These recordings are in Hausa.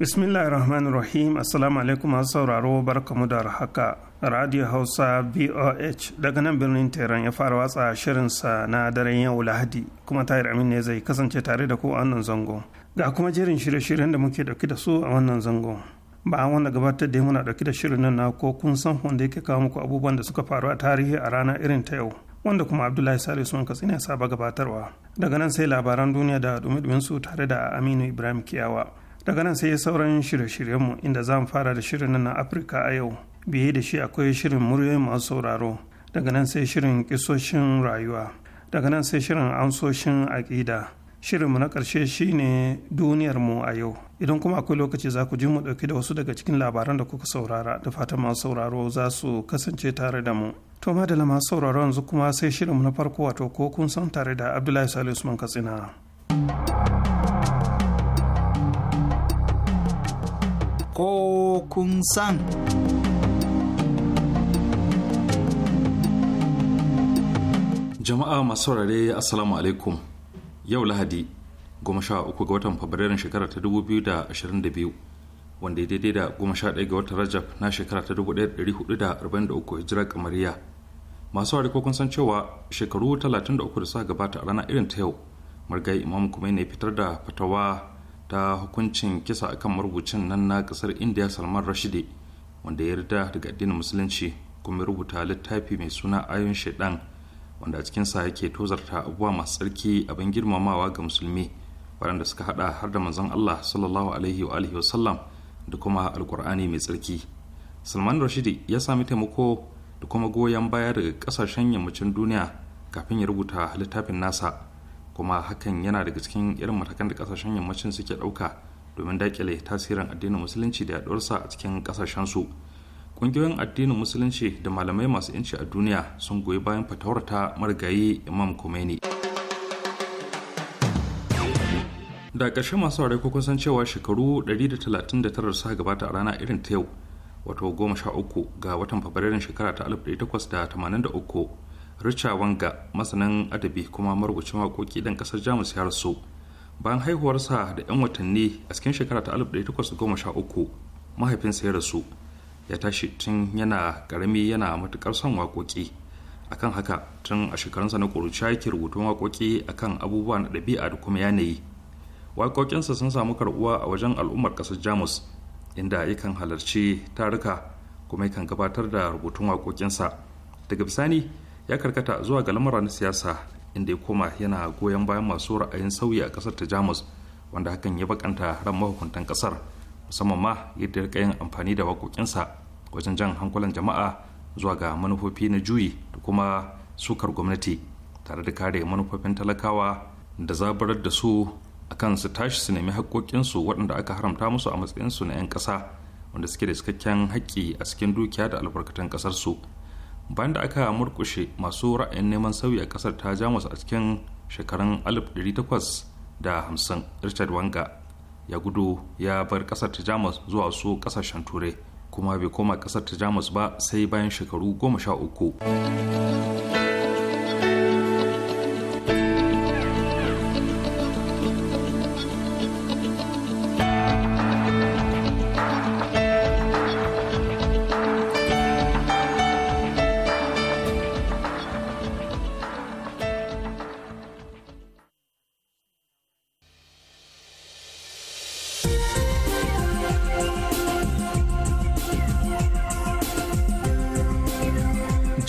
Bismillahirrahmanirrahim Assalamu alaikum masu sauraro barkamu da haka. Radio Hausa VOH daga nan birnin Tehran ya fara watsa shirinsa na daren yau Lahadi kuma Tahir Amin ne zai kasance tare da ku a wannan zango. Ga kuma jerin shirye-shiryen da muke dauki da su a wannan zango. Ba an wanda gabatar da muna dauki da shirin nan na ko kun san wanda yake kawo muku abubuwan da suka faru a tarihi a rana irin ta yau. Wanda kuma Abdullahi Salisu sun ne saba gabatarwa. Daga nan sai labaran duniya da dumi su tare da Aminu Ibrahim Kiyawa. daga nan sai sauran shirye-shiryenmu inda za mu fara da shirin nan na afirka a yau biye da shi akwai shirin muryoyin masu sauraro daga nan sai shirin kisoshin rayuwa daga nan sai shirin amsoshin aƙida shirinmu na ƙarshe shine duniyarmu a yau idan kuma akwai lokaci za ku ji mu ɗauki da wasu daga cikin labaran da kuka saurara da fatan masu sauraro za su kasance tare da mu to da masu sauraro yanzu kuma sai shirinmu na farko wato ko kun san tare da abdullahi salisu man katsina ko kun san. Jama'a masu saurare Assalamu alaikum yau Lahadi goma sha uku ga watan Fabrairun shekara ta dubu biyu da ashirin da biyu wanda daidai da goma sha ɗaya ga watan Rajab na shekara ta dubu ɗaya da ɗari hudu da arba'in da uku hijira kamariya. Masu saurare ko kun san cewa shekaru talatin da uku da suka gabata a rana irin ta yau margai Imam kuma ya fitar da fatawa ta hukuncin kisa akan marubucin nan na kasar india salman rashidi wanda ya rida daga addinin musulunci kuma ya rubuta littafi mai suna ayon shaidan wanda a cikinsa yake tozarta abubuwa masu tsarki abin girmamawa ga musulmi waɗanda suka haɗa har da manzon allah sallallahu alaihi wa alihi wasallam da kuma alkur'ani mai tsarki salman rashidi ya sami taimako da kuma goyon baya daga kasashen yammacin duniya kafin ya rubuta littafin nasa kuma hakan yana daga cikin irin matakan da kasashen yammacin suke ɗauka domin daƙile tasirin addinin musulunci da yaɗuwarsa a cikin ƙasashensu ƙungiyoyin addinin musulunci da malamai masu yanci a duniya sun goyi bayan fatawar ta marigayi imam khomeini da ƙarshe masu ware kun san cewa shekaru 139 suka gabata a rana irin ta yau wato 13 ga watan fabrairun shekara ta 1883 richard wanga masanin adabi kuma marubucin waƙoƙi ɗan ƙasar jamus ya rasu bayan haihuwarsa da 'yan watanni a cikin shekara ta 1813 mahaifinsa ya rasu ya tashi tun yana ƙarami yana matuƙar son waƙoƙi akan haka tun a shekarunsa na ƙuruciya yake rubutun waƙoƙi akan abubuwa na ɗabi'a da kuma yanayi waƙoƙinsa sun samu karɓuwa a wajen al'ummar ƙasar jamus inda yakan halarci taruka kuma yakan gabatar da rubutun waƙoƙinsa daga bisani ya karkata zuwa ga lamura na siyasa inda ya koma yana goyon bayan masu ra'ayin sauyi a kasar ta jamus wanda hakan ya bakanta ran mahukuntan kasar musamman ma yadda ya yin amfani da waƙoƙinsa wajen jan hankulan jama'a zuwa ga manufofi na juyi da kuma sukar gwamnati tare da kare manufofin talakawa da zabarar da su akan su tashi su nemi haƙoƙinsu waɗanda aka haramta musu a matsayinsu na 'yan ƙasa wanda suke da cikakken haƙƙi a cikin dukiya da albarkatun ƙasarsu bayan da aka murkushe masu ra'ayin neman sauyi a kasar ta jamus a cikin shekarun 1850 richard wanga ya gudu ya bar kasar ta jamus zuwa su kasashen turai kuma bai koma kasar ta jamus ba sai bayan shekaru goma sha uku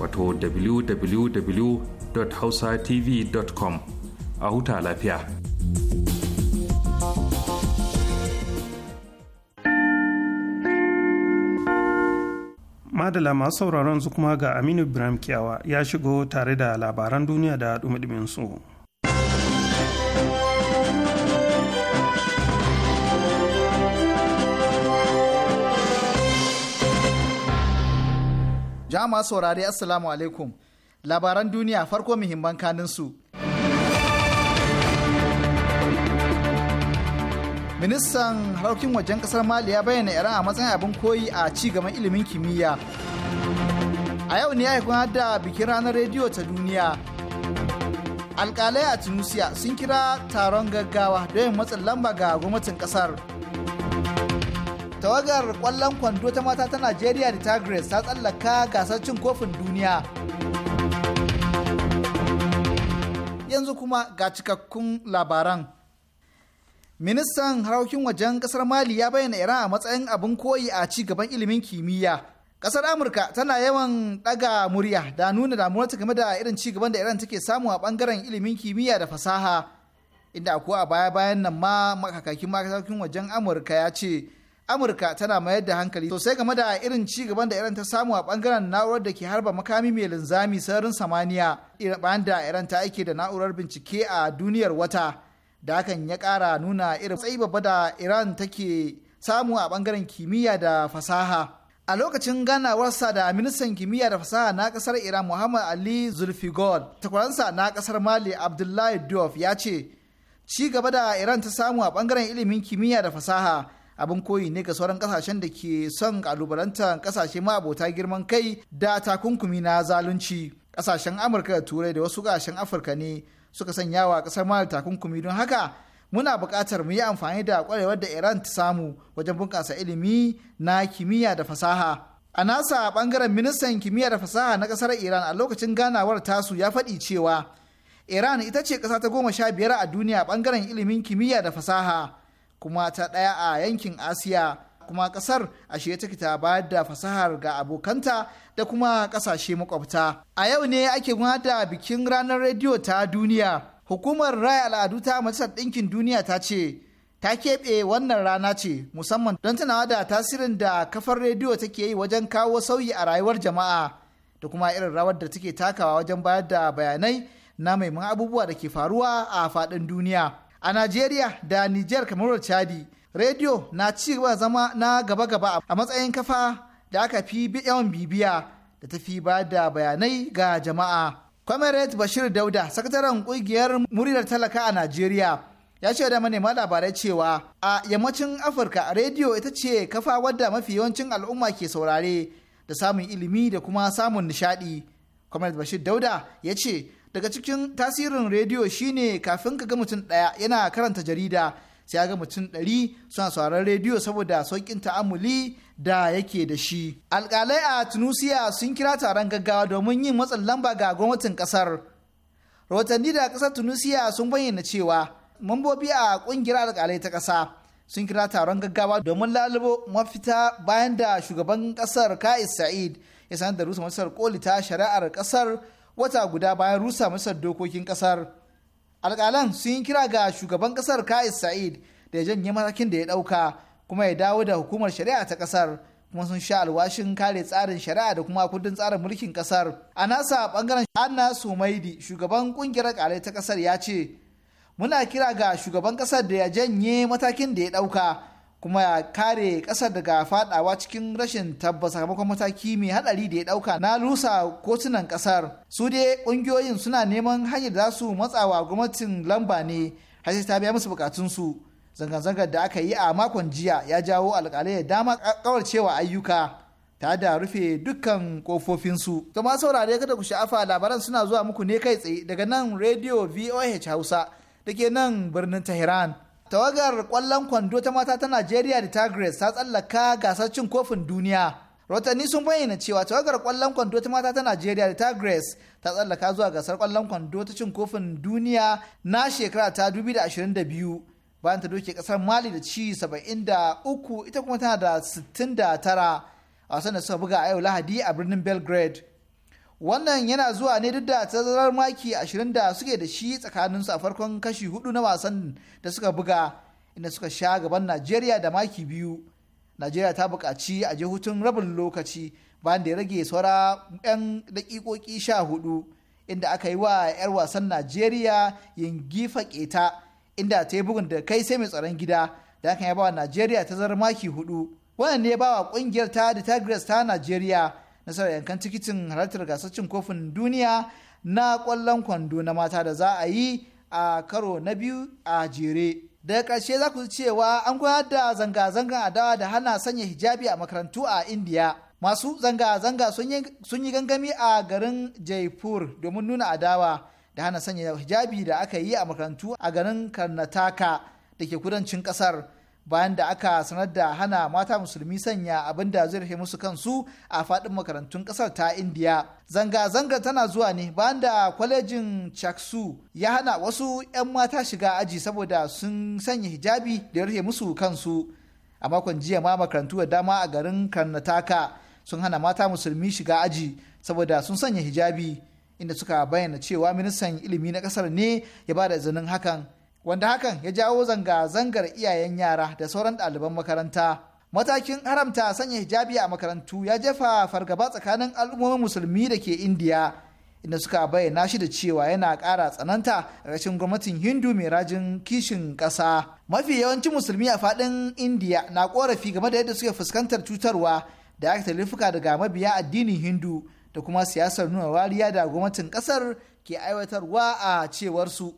wato www.hausatv.com a huta lafiya. Madala masu sauraron su kuma ga Aminu Ibrahim Kiyawa ya shigo tare da labaran duniya da dumi su. Jama'a saurari Assalamu alaikum. Labaran duniya farko muhimman kanin Ministan harkokin wajen kasar Mali ya bayyana Iran a matsayin abin koyi a ci gaban ilimin kimiyya. A yau ne ya haifar da bikin ranar rediyo ta duniya. alkalai a Tunisia sun kira taron gaggawa don yin matsin lamba ga gwamnatin ƙasar. tawagar kwallon kwando ta mata ta najeriya da tigres ta tsallaka gasar cin kofin duniya yanzu kuma ga cikakkun labaran ministan harkokin wajen kasar mali ya bayyana iran a matsayin abin koyi a ci gaban ilimin kimiyya kasar amurka tana yawan daga murya da nuna damuwarta game da irin ci gaban da iran take samu a bangaren ilimin kimiyya da fasaha inda akwai a baya bayan nan ma makakakin makasarkin wajen amurka ya ce amurka tana mayar da hankali sosai game da irin ci gaban da iran ta samu a bangaren na'urar da ke harba makami mai linzami sararin samaniya bayan da iran ta aike da na'urar bincike a duniyar wata da hakan ya kara nuna irin tsayi babba da iran take samu a bangaren kimiyya da fasaha a lokacin ganawarsa da ministan kimiyya da fasaha na kasar iran muhammad ali zulfigol takwaransa na kasar mali abdullahi Diouf ya ce ci gaba da iran ta samu a bangaren ilimin kimiyya da fasaha abin koyi ne ga sauran kasashen da ke son kalubalanta kasashe ma'abota girman kai da takunkumi na zalunci kasashen amurka da turai da wasu kasashen afirka ne suka sanya wa kasar mali takunkumi don haka muna buƙatar mu yi amfani da kwarewar da iran ta samu wajen bunƙasa ilimi na kimiyya da fasaha a nasa bangaren ministan kimiyya da fasaha na kasar iran a lokacin ganawar tasu ya faɗi cewa iran ita ce ƙasa ta goma sha biyar a duniya bangaren ilimin kimiyya da fasaha kuma ta ɗaya a yankin asiya kuma ƙasar a take ta bayar da fasahar ga abokanta da kuma ƙasashe makwabta a yau ne ake gudanar da bikin ranar rediyo ta duniya hukumar raya al'adu ta majalisar ɗinkin duniya ta ce ta keɓe wannan rana ce musamman don tunawa da tasirin da kafar rediyo take yi wajen kawo sauyi a rayuwar jama'a da kuma irin rawar da take takawa wajen bayar da bayanai na maimakon abubuwa da ke faruwa a faɗin duniya. a Najeriya da Nijar kamar Chadi. Rediyo na ci gaba zama na gaba-gaba a matsayin kafa da aka fi yawan bibiya da ta fi ba da bayanai ga jama'a. Comrade Bashir Dauda, sakataren kungiyar muryar talaka a Najeriya, ya ce da manema labarai cewa a yammacin Afirka rediyo ita ce kafa wadda mafi yawancin al'umma ke saurare da samun ilimi da kuma samun nishaɗi. Comrade Bashir Dauda ya ce daga cikin tasirin rediyo shine kafin ka ga mutum ɗaya yana karanta jarida sai ga mutum ɗari suna sauraron rediyo saboda sauƙin ta'amuli da yake da shi alƙalai a tunusiya sun kira taron gaggawa domin yin matsin lamba ga gwamnatin ƙasar rahotanni da ƙasar tunusiya sun bayyana cewa mambobi a ƙungiyar alƙalai ta ƙasa sun kira taron gaggawa domin lalubo mafita bayan da shugaban ƙasar ka'is sa'id ya sanar da rusa masar koli ta shari'ar ƙasar wata guda bayan rusa masar dokokin kasar alƙalan sun yi kira ga shugaban kasar kais sa'id da ya janye matakin da ya ɗauka kuma ya dawo da hukumar shari'a ta kasar kuma sun sha alwashin kare tsarin shari'a da kuma kundin tsarin mulkin kasar a nasa bangaren anna sumaidi shugaban kungiyar kare ta kasar ya ce muna kira ga shugaban kasar da ya janye matakin da ya ɗauka kuma ya kare ƙasar daga faɗawa cikin rashin tabbas sakamakon mataki mai hadari da ya dauka na lusa kotunan ƙasar su dai ƙungiyoyin suna neman hanyar da su matsawa gwamnatin lamba ne har sai ta biya musu bukatunsu zanga-zangar da aka yi a makon jiya ya jawo alƙalai da dama cewa ayyuka ta da rufe dukkan kofofinsu. To ma saurare kada ku sha'afa labaran suna zuwa muku ne kai tsaye daga nan Radio VOH Hausa da ke nan birnin Tehran. tawagar kwallon kwando ta mata ta Najeriya da Tigres ta tsallaka gasar cin kofin duniya. Rotanni sun bayyana cewa tawagar kwallon kwando ta mata ta Najeriya da Tigres ta tsallaka zuwa gasar kwallon kwando ta cin kofin duniya na shekara ta 2022 bayan ta doke kasar Mali da ci 73 ita kuma tana da sittin 69 a wasan da suka buga a yau Lahadi a birnin Belgrade. wannan yana zuwa ne duk da tazarar maki 20 da suke da shi tsakanin su a farkon kashi hudu na wasan da suka buga inda suka sha gaban najeriya da maki biyu najeriya ta buƙaci a je hutun rabin lokaci bayan da ya rage saura 'yan daƙiƙoƙi sha hudu inda aka yi wa 'yar wasan najeriya gifa keta inda ta yi bugun da kai sai mai tsaron gida da hakan ya ba wa najeriya tazarar maki hudu wannan ne ya ba wa ƙungiyar ta da tigres ta najeriya nasarar yankan tikitin halartar gasar kofin duniya na kwallon kwando na mata da za a yi a karo na biyu a jere daga karshe za ku cewa an gudanar da zanga-zangar adawa da hana sanya hijabi a makarantu a india masu zanga-zanga sun yi gangami a garin jaipur domin nuna adawa da hana sanya hijabi da aka yi a makarantu a garin karnataka da ke kudancin ƙasar bayan da aka sanar da hana mata musulmi sanya abin da zai rufe musu kansu a faɗin makarantun ƙasar ta indiya zanga-zanga tana zuwa ne bayan da kwalejin chaksu ya hana wasu 'yan mata shiga aji saboda sun sanya hijabi da ya rufe musu kansu a makon jiya ma makarantu da dama a garin karnataka sun hana mata musulmi shiga aji saboda sun sanya hijabi inda suka bayyana cewa ministan ilimi na ƙasar ne ya ba da izinin hakan wanda hakan ya jawo zanga-zangar iyayen yara da sauran ɗaliban makaranta. Matakin haramta sanya hijabi a makarantu ya jefa fargaba tsakanin al'ummomin musulmi da ke Indiya, inda suka bayyana shi da cewa yana kara tsananta a ƙarshen gwamnatin Hindu mai rajin kishin ƙasa. Mafi yawancin musulmi a faɗin Indiya na korafi game da yadda suke fuskantar cutarwa da aka talifuka daga mabiya addinin Hindu da kuma siyasar nuna wariya da gwamnatin ƙasar ke aiwatarwa a cewarsu.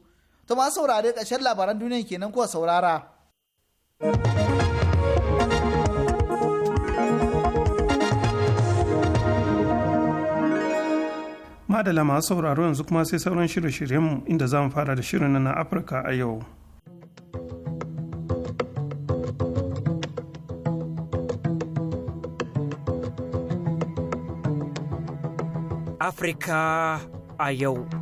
To ma saurare ƙarshen labaran duniya kenan kuwa saurara. Madala masu sauraro yanzu kuma sai sauran shirye-shiryenmu inda za mu fara da shirin na Afirka a yau. Afirka a yau.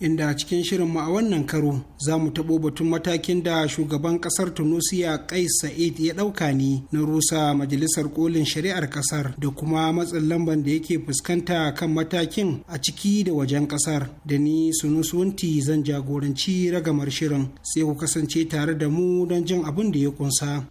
inda a cikin shirin shirinmu a wannan karo za mu taɓo batun matakin da shugaban ƙasar tunisia kais sa'id ya ɗauka ne na rusa majalisar kolin shari'ar ƙasar da kuma matsin lamban da yake fuskanta kan matakin a ciki da wajen ƙasar da ni sunusunti zan jagoranci ragamar shirin sai ku kasance tare da mu don jin abin da ya ƙunsa.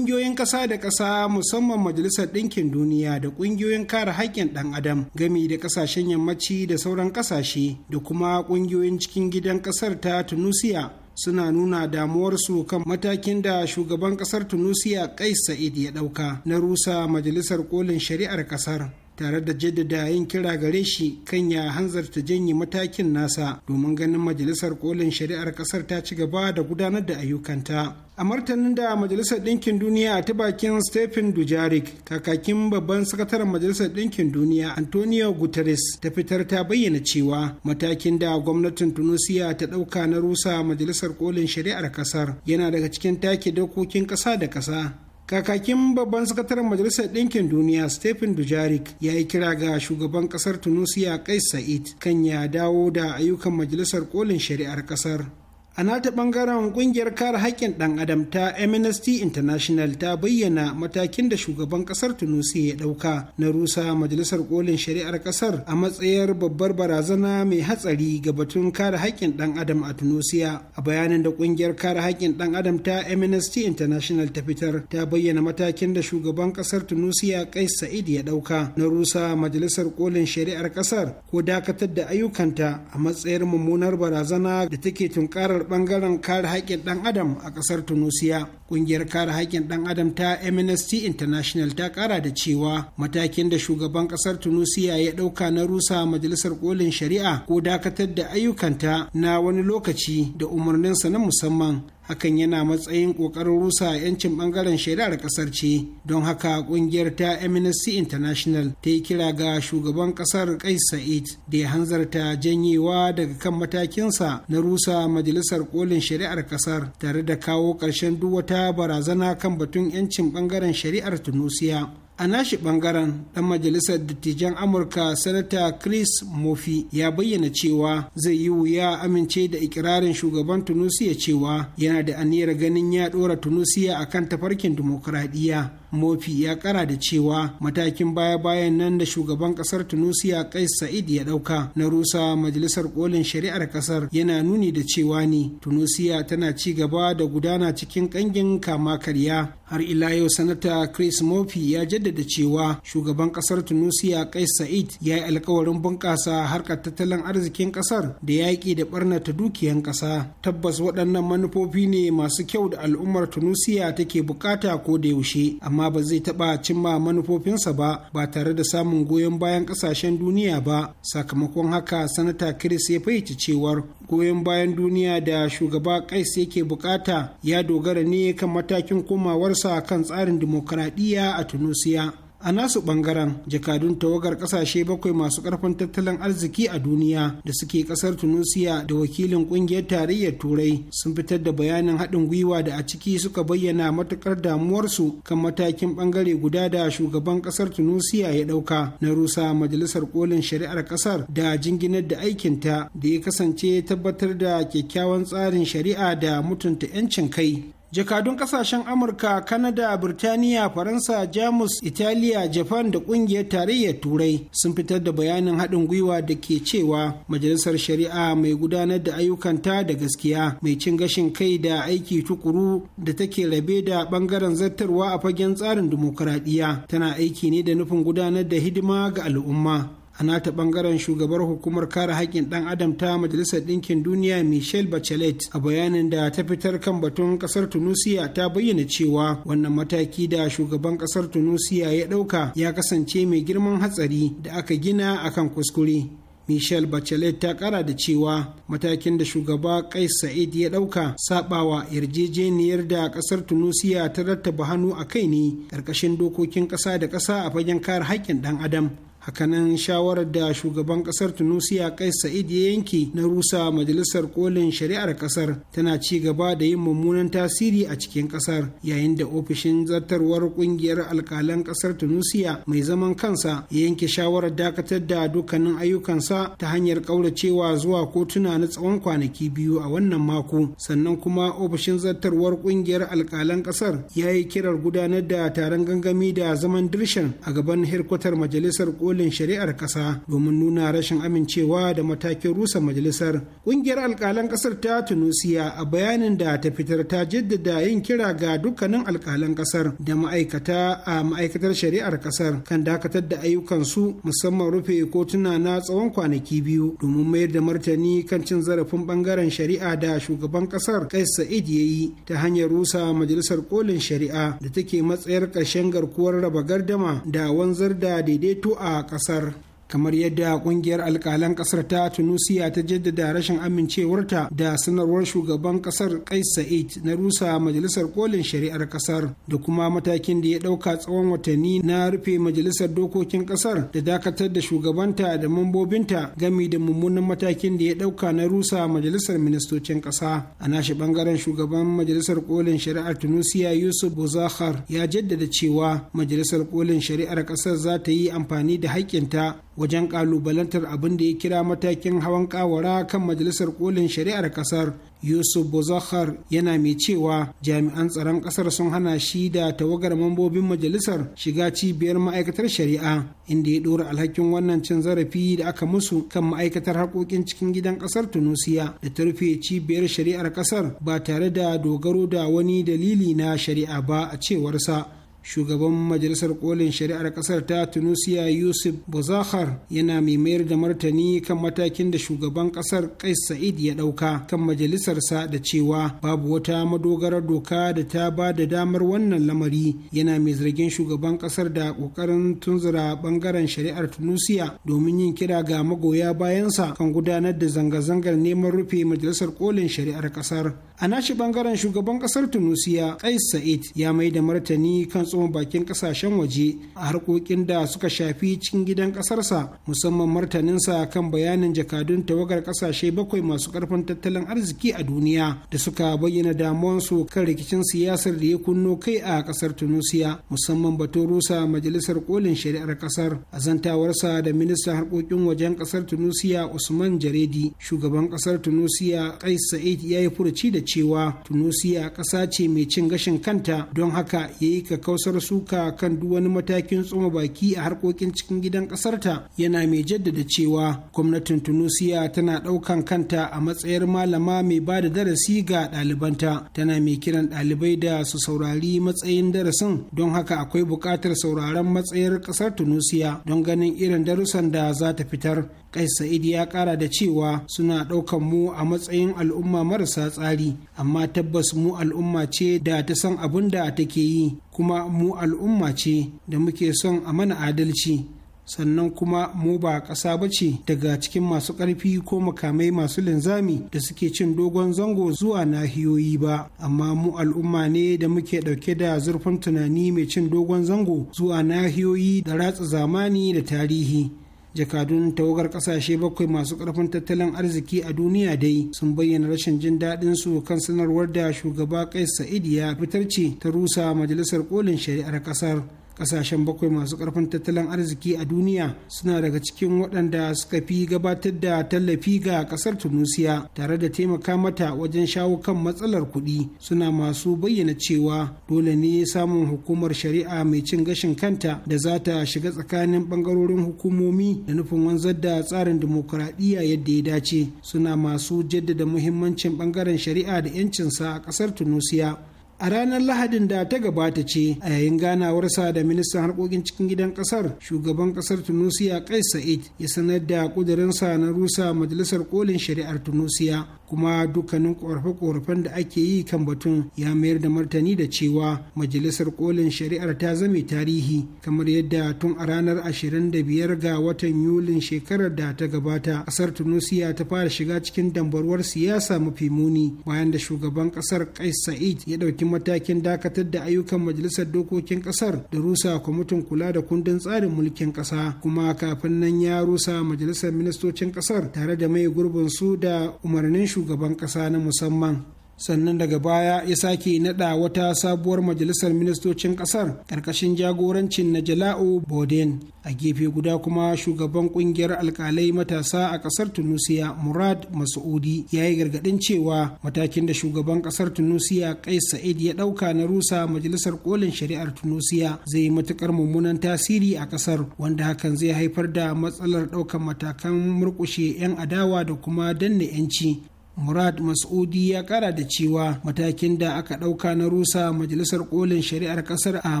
ƙungiyoyin ƙasa da ƙasa musamman majalisar ɗinkin duniya da ƙungiyoyin kare haƙƙin ɗan adam gami da ƙasashen yammaci da sauran ƙasashe da kuma ƙungiyoyin cikin gidan ƙasar ta tunusiya suna nuna damuwarsu kan matakin da shugaban ƙasar tunisia kais sa'id ya ɗauka na rusa majalisar ƙolin shari'ar ƙasar. tare da jaddada yin kira gare shi kan ya hanzarta janye matakin nasa domin ganin majalisar kolin shari'ar kasar ta ci gaba da gudanar da ayyukanta a martanin da majalisar ɗinkin duniya a ta bakin stephen dujarik kakakin babban sakataren majalisar ɗinkin duniya antonio guterres ta fitar ta bayyana cewa matakin da gwamnatin tunisia ta ɗauka na rusa majalisar kolin shari'ar kasar yana daga cikin take dokokin ƙasa da ƙasa kakakin babban sakataren majalisar ɗinkin duniya stephen dujarik ya yi kira ga shugaban ƙasar tunisia kai sa'id kan ya dawo da ayyukan majalisar kolin shari'ar ƙasar a nata ɓangaren ƙungiyar kare haƙƙin ɗan adam ta amnesty international ta bayyana matakin da shugaban ƙasar tunisia ya ɗauka na rusa majalisar kolin shari'ar ƙasar a matsayar babbar barazana mai hatsari ga batun kare haƙƙin ɗan adam a tunisia a bayanin da ƙungiyar kare haƙƙin ɗan adam ta amnesty international ta fitar ta bayyana matakin da shugaban ƙasar tunisia kais sa'id ya ɗauka na rusa majalisar kolin shari'ar ƙasar ko dakatar da ayyukanta a matsayar mummunar barazana da take tunkarar bangaren kare haƙƙin ɗan adam a ƙasar tunisia ƙungiyar kare haƙƙin ɗan adam ta amnesty international ta ƙara da cewa matakin da shugaban ƙasar tunisia ya ɗauka na rusa majalisar kolin shari'a ko dakatar da ayyukanta na wani lokaci da umarninsa na musamman hakan yana matsayin ƙoƙarin rusa 'yancin ɓangaren shari'ar ƙasar ce don haka ƙungiyar ta amnesty international ta yi kira ga shugaban ƙasar kai sa'id da ya hanzarta janyewa daga kan matakinsa na rusa majalisar kolin shari'ar ƙasar tare da kawo ƙarshen duk wata barazana kan batun 'yancin ɓangaren shari'ar tunusiya a nashi bangaren dan majalisar dattijan amurka sanata chris Mofi ya bayyana cewa zai yi wuya amince da ikirarin shugaban tunisia cewa yana da aniyar ganin ya dora tunisia akan tafarkin dimokuraɗiyya mofi ya kara da cewa matakin baya-bayan nan da shugaban kasar tunisia kais sa'id ya dauka na rusa majalisar kolin shari'ar kasar yana nuni da cewa ne tunisia tana ci gaba da gudana cikin kangin kama karya har ila yau sanata chris murphy ya jaddada cewa shugaban kasar tunisia kais sa'id ya yi alkawarin bunƙasa harkar tattalin arzikin kasar da yaƙi da barnata dukiyan ƙasa tabbas waɗannan manufofi ne masu kyau da al'ummar tunisia take bukata ko da yaushe amma amma ba zai taɓa cimma manufofinsa ba ba tare da samun goyon bayan ƙasashen duniya ba sakamakon haka sanata chris ya fahimci cewar goyon bayan duniya da shugaba kais yake bukata ya dogara ne kan matakin komawarsa kan tsarin dimokuraɗiyya a tunusiya a nasu bangaren jakadun tawagar kasashe bakwai masu karfin tattalin arziki a duniya da suke kasar tunisia da wakilin kungiyar tarayyar turai sun fitar da bayanin haɗin gwiwa da a ciki suka bayyana matukar damuwarsu kan matakin bangare guda da shugaban kasar tunisia ya ɗauka na rusa majalisar kolin shari'ar kasar da jinginar da aikinta da ya kasance tabbatar da kyakkyawan tsarin shari'a da mutunta 'yancin kai jakadun kasashen amurka kanada birtaniya faransa jamus italiya japan da kungiyar tarayyar turai sun fitar da bayanin haɗin gwiwa da ke cewa majalisar shari'a mai gudanar da ayyukanta da gaskiya mai cin gashin kai da aiki tukuru da take rabe da ɓangaren zartarwa a fagen tsarin dimokuraɗiyya tana aiki ne da nufin gudanar da hidima ga al'umma a nata bangaren shugabar hukumar kare haƙƙin ɗan adam ta majalisar ɗinkin duniya michelle bachelet a bayanin da ta fitar kan batun ƙasar tunisia ta bayyana cewa wannan mataki da shugaban ƙasar tunisia ya ɗauka ya kasance mai girman hatsari da aka gina akan kuskure Michelle Bachelet ta kara da cewa matakin da shugaba Kais Sa'id ya ɗauka sabawa yarjejeniyar da ƙasar Tunusiya ta rattaba hannu a kai ne ƙarƙashin dokokin ƙasa da ƙasa a fagen kare haƙƙin ɗan adam. hakanan shawarar da shugaban kasar tunisia kai sa'id ya yanke na rusa majalisar kolin shari'ar kasar tana ci gaba da yin mummunan tasiri a cikin kasar yayin da ofishin zartarwar kungiyar alkalan kasar tunisia mai zaman kansa ya yanke shawarar dakatar da dukkanin ayyukansa ta hanyar kauracewa zuwa kotuna na tsawon kwanaki biyu a wannan mako sannan kuma ofishin zartarwar kungiyar alkalan kasar ya yi kirar gudanar da taron gangami da zaman dirshan a gaban hirkwatar majalisar kolin kolin shari'ar ƙasa domin nuna rashin amincewa da matakin rusa majalisar kungiyar alkalan ƙasar ta tunusiya a bayanin da ta fitar ta jaddada yin kira ga dukkanin alkalan ƙasar da ma'aikata a ma'aikatar shari'ar ƙasar kan dakatar da ayyukansu musamman rufe kotuna na tsawon kwanaki biyu domin mayar da martani kan cin zarafin ɓangaren shari'a da shugaban ƙasar kai sa'id ya yi ta hanyar rusa majalisar kolin shari'a da take matsayar ƙarshen garkuwar raba gardama da wanzar da daidaito a caser kamar yadda kungiyar alkalan kasar ta tunusiya ta jaddada rashin amincewarta da sanarwar shugaban kasar kais sa'id na rusa majalisar kolin shari'ar kasar da kuma matakin da ya dauka tsawon watanni na rufe majalisar dokokin kasar da dakatar da shugabanta da mambobinta gami da mummunan matakin da ya dauka na rusa majalisar ministocin kasa a nashi bangaren shugaban majalisar kolin shari'ar tunusiya yusuf buzakhar ya jaddada cewa majalisar kolin shari'ar kasar za ta yi amfani da haƙƙinta wajen kalubalantar abin da ya kira matakin hawan kawara kan majalisar kolin shari'ar kasar yusuf buzakhar yana mai cewa jami'an tsaron kasar sun hana shi da tawagar mambobin majalisar shiga cibiyar ma'aikatar shari'a inda ya ɗora alhakin wannan cin zarafi da aka musu kan ma'aikatar harkokin cikin gidan kasar tunusiya da ta rufe cibiyar shari'ar kasar ba tare da dogaro da wani dalili na shari'a ba a cewarsa shugaban majalisar kolin shari'ar kasar ta tunisia yusuf buzakhar yana mai mayar da martani kan matakin da shugaban kasar kais sa'id ya ɗauka kan majalisarsa da cewa babu wata madogarar doka da ta ba da damar wannan lamari yana mai zargin shugaban kasar da ƙoƙarin tunzura ɓangaren shari'ar tunisia domin yin kira ga magoya bayansa kan gudanar da zanga-zangar neman rufe majalisar kolin shari'ar kasar a nashi ɓangaren shugaban kasar tunisia kais sa'id ya mai da martani kan tsoma bakin kasashen waje a harkokin da suka shafi cikin gidan kasarsa musamman martaninsa kan bayanin jakadun tawagar kasashe bakwai masu karfin tattalin arziki a duniya da suka bayyana damuwansu kan rikicin siyasar da ya kunno kai a kasar tunisia musamman batun rusa majalisar kolin shari'ar kasar a zantawarsa da ministan harkokin wajen kasar tunisia usman jaredi shugaban kasar tunisia kais sa'id ya yi furuci da cewa tunisia kasa ce mai cin gashin kanta don haka ya yi kakkausar kasar suka kan duk wani matakin tsoma baki a harkokin cikin gidan ƙasarta yana mai jaddada cewa gwamnatin tunisia tana ɗaukan kanta a matsayar malama mai ba da darasi ga ɗalibanta tana mai kiran ɗalibai da su saurari matsayin darasin don haka akwai buƙatar sauraron matsayar ƙasar tunisia don ganin irin darusan da za ta fitar kai sa'id ya kara da cewa suna ɗaukan mu a matsayin al'umma marasa tsari amma tabbas mu al'umma ce da ta san abin da take yi kuma mu al'umma ce da muke son a mana adalci sannan kuma mu ba ƙasa ba ce daga cikin masu ƙarfi ko makamai masu linzami da suke cin dogon zango zuwa nahiyoyi ba amma mu al'umma ne da muke ɗauke da zurfin tunani mai cin dogon zango zuwa nahiyoyi da ratsa zamani da tarihi jakadun tawagar kasashe bakwai masu karfin tattalin arziki a duniya dai sun bayyana rashin jin daɗin su kan sanarwar da shugaba kais sa'id ya fitar ce ta rusa majalisar kolin shari'ar ƙasar. kasashen bakwai masu karfin tattalin arziki a duniya suna daga cikin waɗanda suka fi gabatar da tallafi ga ƙasar tunisia tare da taimaka mata wajen shawo kan matsalar kuɗi suna masu bayyana cewa dole ne samun hukumar shari'a mai cin gashin kanta da za ta shiga tsakanin ɓangarorin hukumomi da nufin wanzar da tsarin dimokuraɗiyya yadda ya dace suna masu jaddada muhimmancin ɓangaren shari'a da 'yancinsa a ƙasar tunisia a ranar lahadin da ta gabata ce a yayin ganawarsa da ministan harkokin cikin gidan kasar shugaban kasar tunisia kai sa'id ya sanar da kudurinsa na rusa majalisar kolin shari'ar tunisia kuma dukkanin korafe-korafen da ake yi kan batun ya mayar da martani da cewa majalisar kolin shari'ar ta zame tarihi kamar yadda tun a ranar 25 ga watan yulin shekarar da ta gabata kasar tunisia ta fara shiga cikin dambarwar siyasa mafi muni bayan da shugaban kasar kais sa'id ya ɗauki matakin dakatar da ayyukan majalisar dokokin kasar da rusa kwamitin kula da kundin tsarin mulkin kasa kuma kafin nan ya rusa majalisar ministocin kasar tare da mai gurbin su da umarnin shugaban ƙasa na musamman sannan daga baya ya sake naɗa wata sabuwar majalisar ministocin ƙasar ƙarƙashin jagorancin na jala'u boden a gefe guda kuma shugaban ƙungiyar alƙalai matasa a ƙasar tunusiya murad masudi ya yi gargaɗin cewa matakin da shugaban ƙasar tunusiya kais sa'id ya ɗauka na rusa majalisar kolin shari'ar tunusiya zai yi matuƙar mummunan tasiri a ƙasar wanda hakan zai haifar da matsalar ɗaukar matakan murƙushe 'yan adawa da kuma danne 'yanci Murad Mas'udi ya kara da cewa matakin da aka ɗauka na rusa majalisar kolin shari'ar ƙasar a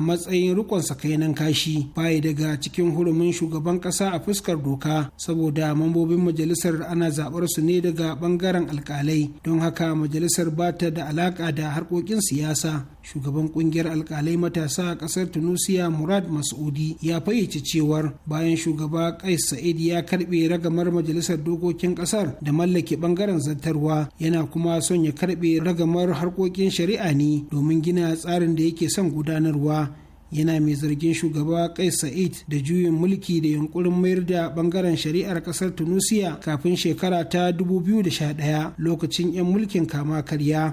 matsayin rikon sakainan kashi bayi daga cikin hurumin shugaban ƙasa a fuskar doka saboda mambobin majalisar ana zaɓar su ne daga ɓangaren alƙalai don haka majalisar ba ta da alaƙa da harkokin siyasa. Shugaban ƙungiyar alƙalai matasa a ƙasar Tunisia Murad Mas'udi ya fayyace cewar bayan shugaba Kais Sa'id ya karɓe ragamar majalisar dokokin ƙasar da mallake ɓangaren zartarwa ruwa yana kuma son ya karbe ragamar harkokin shari'a ne domin gina tsarin da yake son gudanarwa yana mai zargin shugaba kai sa'id da juyin mulki da yunkurin mayar da bangaren shari'ar kasar tunisia kafin shekara ta 2011 lokacin 'yan mulkin kama karya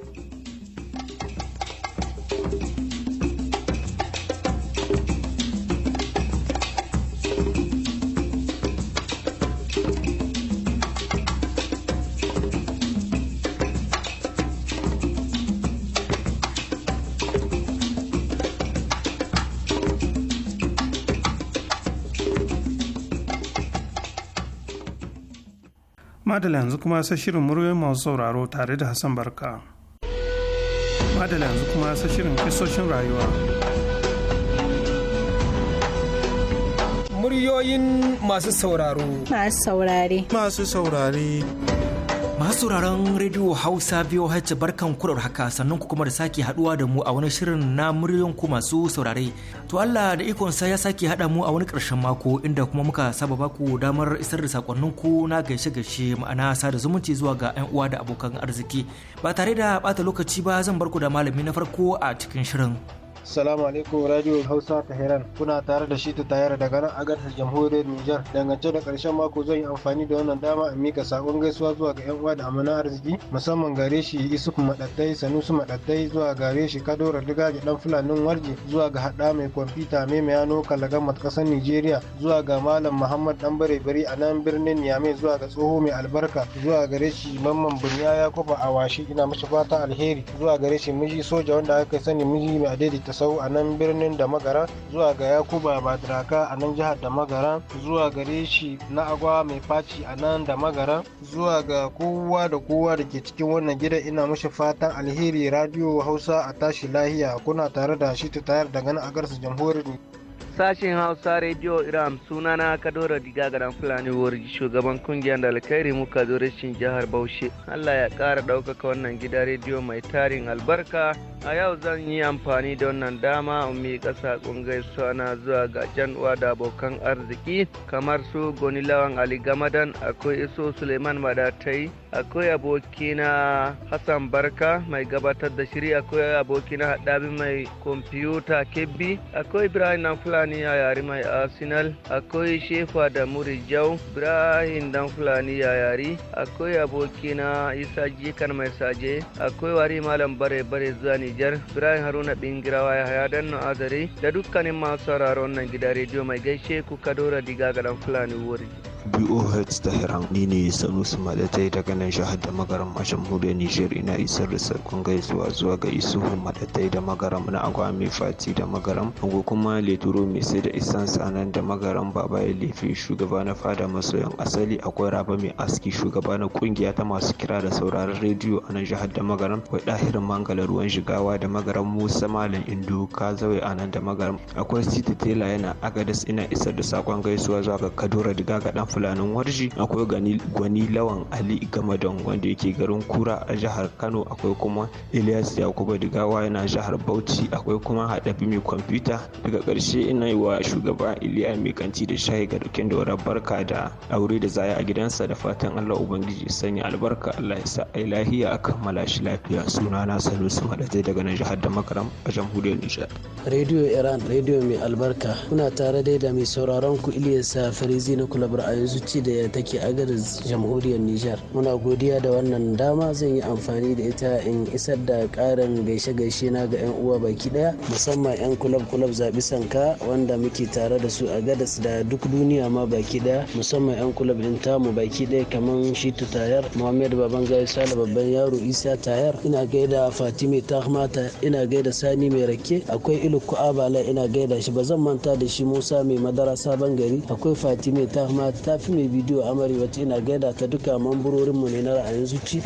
madala yanzu kuma sai shirin muryoyin masu sauraro tare da hassan barka madala yanzu kuma sai shirin kisoshin rayuwa muryoyin masu sauraro masu saurare masu saurare Masu sauraron rediyo Hausa har hacce barkan kudar haka sannan ku kuma da sake haduwa da mu a wani shirin na muryoyin ku masu saurare. To Allah da ikon sa ya sake hada mu a wani karshen mako inda kuma muka saba baku damar isar da sakonnin ku na gaishe gaishe ma'ana sa da zumunci zuwa ga ƴan uwa da abokan arziki. Ba tare da bata lokaci ba zan barku da malami na farko a cikin shirin. Salamu alaikum Radio Hausa Tehran kuna tare da shi ta tayar daga nan agarsa jamhuriyar Nijar dangance da karshen mako zan yi amfani da wannan dama in mika sakon gaisuwa zuwa ga 'yan uwa da amana arziki musamman gare shi Isuf Madattai Sanusu Madattai zuwa gare shi Kadora da dan Fulanin Warje zuwa ga hada mai kwamfuta mai mayano kalagamat ƙasar nigeria zuwa ga Malam Muhammad dan Barebari a nan birnin Niamey zuwa ga tsoho mai albarka zuwa gare shi Mamman Bunya ya a washe ina mashi fata alheri zuwa gare shi miji soja wanda aka sani miji mai adaidaita Kasau a nan birnin da magara zuwa ga Yakuba Badraka a nan jihar da magara zuwa gare shi na agwa mai faci a nan da magara zuwa ga kowa da kowa da ke cikin wannan gida ina mashi fatan alheri radio Hausa a tashi lahiya kuna tare da shi ta tayar da gani a garsa jamhuriyar Sashen Hausa Radio Iram sunana Kadora Diga dan Fulani wuri, shugaban kungiyar da alkhairi muka zo rashin jihar Bauchi. Allah ya kara ɗaukaka wannan gida rediyo mai tarin albarka. A yau zan yi amfani da wannan dama in miƙa saƙon gaisuwa zuwa ga jan uwa da abokan arziki kamar su Goni Ali Gamadan akwai Iso Suleiman Madatai akwai abokina hassan barka mai gabatar da shiri akwai abokina haɗabi mai kwamfuta kebbi akwai ibrahim dan fulani a yari mai arsenal akwai shefa da murijau ibrahim dan fulani a yari akwai abokina isa jikan mai saje akwai wari malam bare bare zuwa nijar ibrahim haruna bingirawa ya haya dan azare da dukkanin masu sauraron nan gida rediyo mai gaishe ku kadora diga ga dan fulani wuri boh tehran ni ne sanusi madatai daga nan jihar da magaram a jamhuriyar niger ina isar da sakon gaisuwa zuwa ga isuhu madatai da magaram na agwa fati da magaram ko kuma leturo mai sai da isan sanan da magaram baba ya lefe shugaba na fada masoyan asali akwai raba mai aski shugaba na kungiya ta masu kira da sauraron rediyo a nan jihar da magaram akwai dahirin mangala ruwan shigawa da magaram musa malam indo kazawai a nan da magaram akwai siti tela yana agadas ina isar da sakon gaisuwa zuwa ga kadura diga ga fulanin warji akwai gwani lawan ali gamadon wanda yake garin kura a jihar kano akwai kuma ilyas yakubu digawa yana jihar bauchi akwai kuma haɗabi mai kwamfuta daga karshe ina yi wa shugaba iliya mai kanti da shayi ga dukkan da barka da aure da zaya a gidansa da fatan allah ubangiji sanya albarka allah ya sa ai lahiya a kammala shi lafiya suna na su madatai daga nan jihar da makaram a jamhuriyar nijar rediyo iran rediyo mai albarka kuna tare dai da mai sauraron ku iliyasa farizi na kulabar zuci da take agaris jamhuriyar nijar muna godiya da wannan dama zan yi amfani da ita in isar da karin gaishe-gaishe na ga 'yan uwa baki daya musamman 'yan kulab-kulab zaɓi sanka wanda muke tare da su a gadas da duk duniya ma baki daya musamman 'yan kulab din tamu baki daya kamar shitu tayar muhammad baban gaya sala babban yaro isa tayar ina gaida fatime tahmata ina gaida sani mai rake akwai iluku abala ina gaida shi ba zan manta da shi musa mai madara sabon gari akwai fatime tahmata kafi mai bidiyo amare wacce ina gaida ta duka mamburorinmu ne na ra'ayin zuci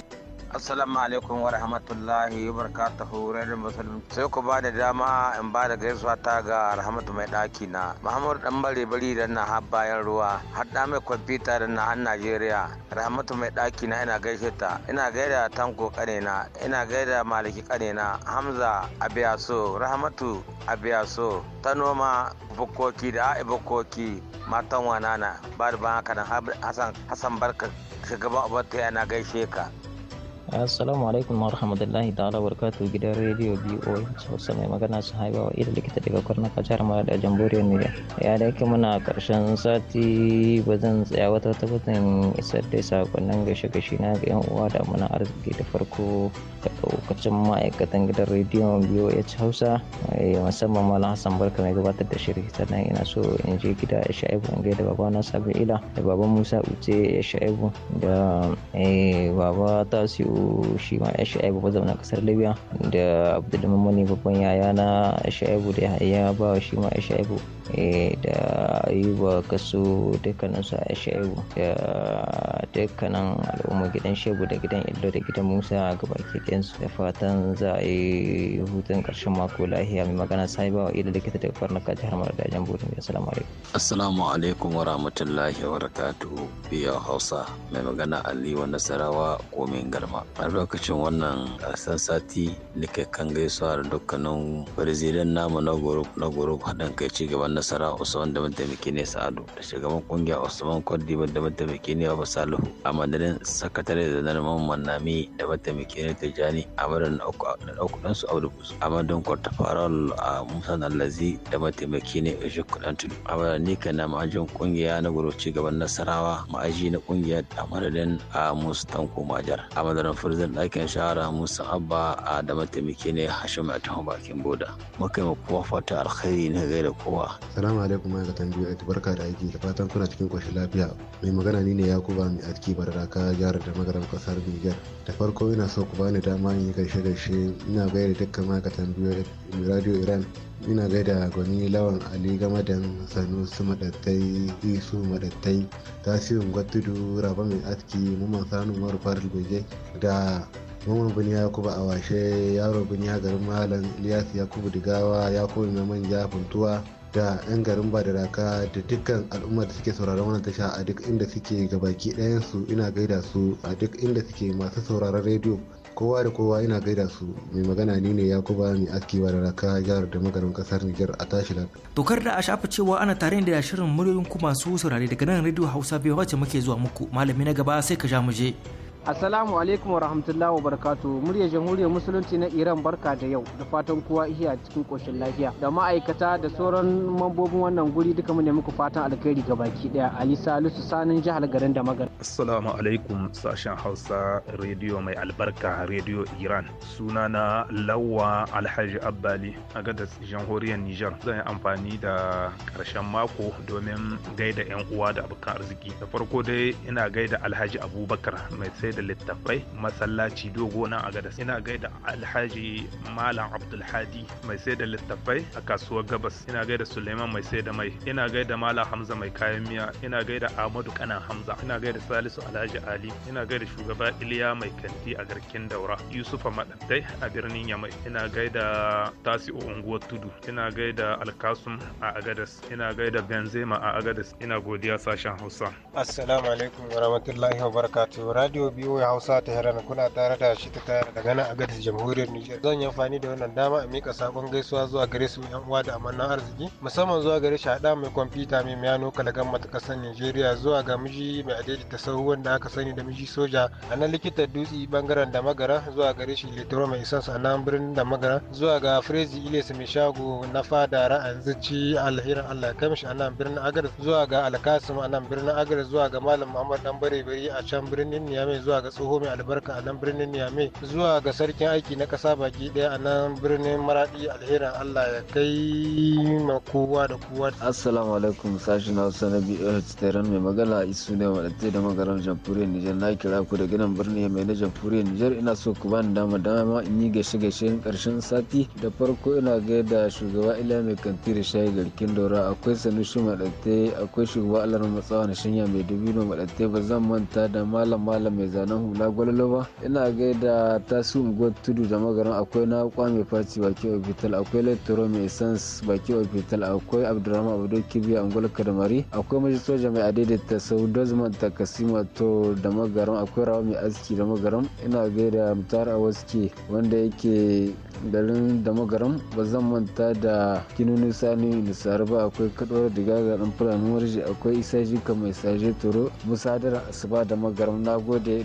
assalamu alaikum wa rahmatullahi wa barakatuhu radiyon musulmi sai ku ba dama in ba da gaisuwa ta ga rahmatu mai ɗakina. na muhammadu dan bare bari da na har bayan ruwa da mai kwamfuta da na har najeriya rahmatu mai ɗakina na ina gaishe ta ina gaida tanko kanena ina gaida maliki kanena hamza abiyaso rahmatu abiyaso ta noma bukoki da a'i matan wanana ba da ban haka nan hassan barka shugaban obata yana gaishe ka assalamu alaikum wa rahmatullahi ta'ala barkatu gidan rediyo boh hausa mai magana su haiba wa ita likita daga kwarna kajar mara da jamhuriyar niger ya da yake muna karshen sati ba zan tsaya wata wata ba isar da sakonnin gashe gashi na ga yan uwa da muna arziki da farko ga daukacin ma'aikatan gidan rediyo boh hausa eh, musamman malam hassan barka mai gabatar da shirin sannan ina so in je gida ya sha'ibu in gaida baba na sabi'ila da baba musa uce ya sha'ibu da eh, baba siyo. shi ma Sha'ibu a kasar Libya da Abdulmumani babban yaya na Sha'ibu da ya ba shi ma Sha'ibu Eh, da ayuba kaso dukkaninsu a shaibu da dukkanin al'umma gidan shebu da gidan illo da gidan musa gaba ke su da fatan za a yi hutun karshen mako lahiya mai magana sahiba wa ila likita da farnaka jihar maradajen butun ya salamu alaikum assalamu alaikum wa rahmatullahi wa barakatuhu biya hausa mai magana aliyu nasarawa komin garma a lokacin wannan gasan sati nake kan gaisuwa da dukkanin farizidan namu na gurub na gurub haɗin kai ci gaban nasara usman da mataimaki ne sa'adu da shugaban kungiya usman kwardiba da mataimaki ne abu salihu a madadin sakatare da narman manami da mataimaki ne jani a madadin ɗauku ɗansu abu a madadin kwartafaral a musa nalazi da mataimaki ne a ɗan tudu a madadin nika na ma'ajin kungiya na gudu gaban nasarawa ma'aji na kungiya a madadin a musu tanko majar a madadin firzin ɗakin shahara musa abba a da mataimaki ne hashim a bakin boda muka yi kowa fata alkhairi na gaida kowa Salamu alaikum ma'aikatan biyu barka da aiki da fatan kuna cikin koshin lafiya. Mai magana ni ne Yakuba mai aski raka jihar da magaran kasar Niger. Da farko ina so ku bani dama in yi gaishe-gaishe ina gaida dukkan ma'aikatan biyu Radio Iran ina gaida gwani lawan ali sanu sanusi madattai isu madattai tasirin gwatudu raba mai aski mamman sanu umaru faril bege da mamman biniya yakubu a washe yaro ya garin malam iliyas yakubu digawa yakubu mai manja funtuwa da 'yan garin badaraka da dukkan al'ummar da suke sauraron wannan tasha a duk inda suke gabaki ɗayansu ina gaida su a duk inda suke masu sauraron rediyo kowa da kowa ina gaida su mai magana ni ne ya kuba mai aski da raka jihar da magarin kasar Nijar a tashi tokar da a shafa cewa ana tare da shirin muryoyin ku masu saurare daga nan rediyo Hausa bai wace muke zuwa muku malami na gaba sai ka ja mu Assalamu alaikum wa rahmatullahi wa barakatu Murya jamhuriyar musulunci na Iran barka da yau da fatan kowa iya cikin koshin lafiya da ma'aikata da sauran mambobin wannan guri duka mu ne muku fatan alkhairi baki daya Ali Salisu sanin jihar garin da magana. Assalamu alaikum sashen Hausa rediyo mai albarka rediyo Iran sunana lawa Alhaji Abbali a gadas jamhuriyar Nijar zan yi amfani da karshen mako domin gaida yan uwa da abokan arziki da farko dai ina gaida Alhaji Abubakar mai sai da littafai masallaci dogo nan a gadas ina gaida alhaji malam abdulhadi mai sai da littafai a kasuwar gabas ina gaida suleiman mai sai da mai ina gaida malam hamza mai kayan miya ina gaida ahmadu kanan hamza ina gaida salisu alhaji ali ina gaida shugaba iliya mai kanti a garkin daura yusufa madattai a birnin yamai ina gaida tasi'u unguwar tudu ina gaida alkasum a agadas ina gaida benzema a agadas ina godiya sashen hausa assalamu alaikum wa wabarakatuh radio biyu biyo ya hausa ta herana kuna tare da shi ta tare daga nan a gadis jamhuriyar niger zan yi amfani da wannan dama a mika sakon gaisuwa zuwa gare su yan uwa da amannan arziki musamman zuwa gare shi hada mai kwamfuta mai miyano kalagan mata kasar nigeria zuwa ga miji mai adadi ta sahu wanda aka sani da miji soja a nan likita dutse bangaren da magara zuwa gare shi litoro mai isansu a nan birnin da magara zuwa ga frezi ilesa mai shago na fada ra'ayin zici alherin allah ya kamshi a nan birnin agar zuwa ga alkasim a nan birnin agar zuwa ga malam muhammad dan bare bari a can birnin niyamai zuwa zuwa ga tsoho mai albarka a nan birnin Niamey zuwa ga sarkin aiki na kasa baki daya a nan birnin Maradi alherin Allah ya kai ma kowa da kowa. Assalamu alaikum sashen Hausa na BOH Tehran mai magana isu ne wadatai da magaran jamfuriyar Nijar na kira ku da ganin birnin mai na jamfuriyar Nijar ina so ku bani dama dama in yi gaishe gaishe karshen sati da farko ina gaida shugaba ila mai kanti da shayi garkin daura akwai Sanusi Madatte akwai shugaba Alar Matsawa na Shinya mai dubino Madatte ba zan manta da malam malam mai na hula ba ina gaida tasum god tudu da magaran akwai na kwame faci baki hospital akwai lettoro mai sans baki hospital akwai abdurrahman abdul kibiya angola kadamari akwai majalisar soja mai adaidaita sau dozman kasima to da magaran akwai rawa mai aski da magaran ina gaida mutar waske wanda yake garin da magaram ba zan manta da kinuni sani nisar ba akwai kaɗuwar diga ga dan fulani murji akwai isa jika mai saje turo musadar asuba da magaran na gode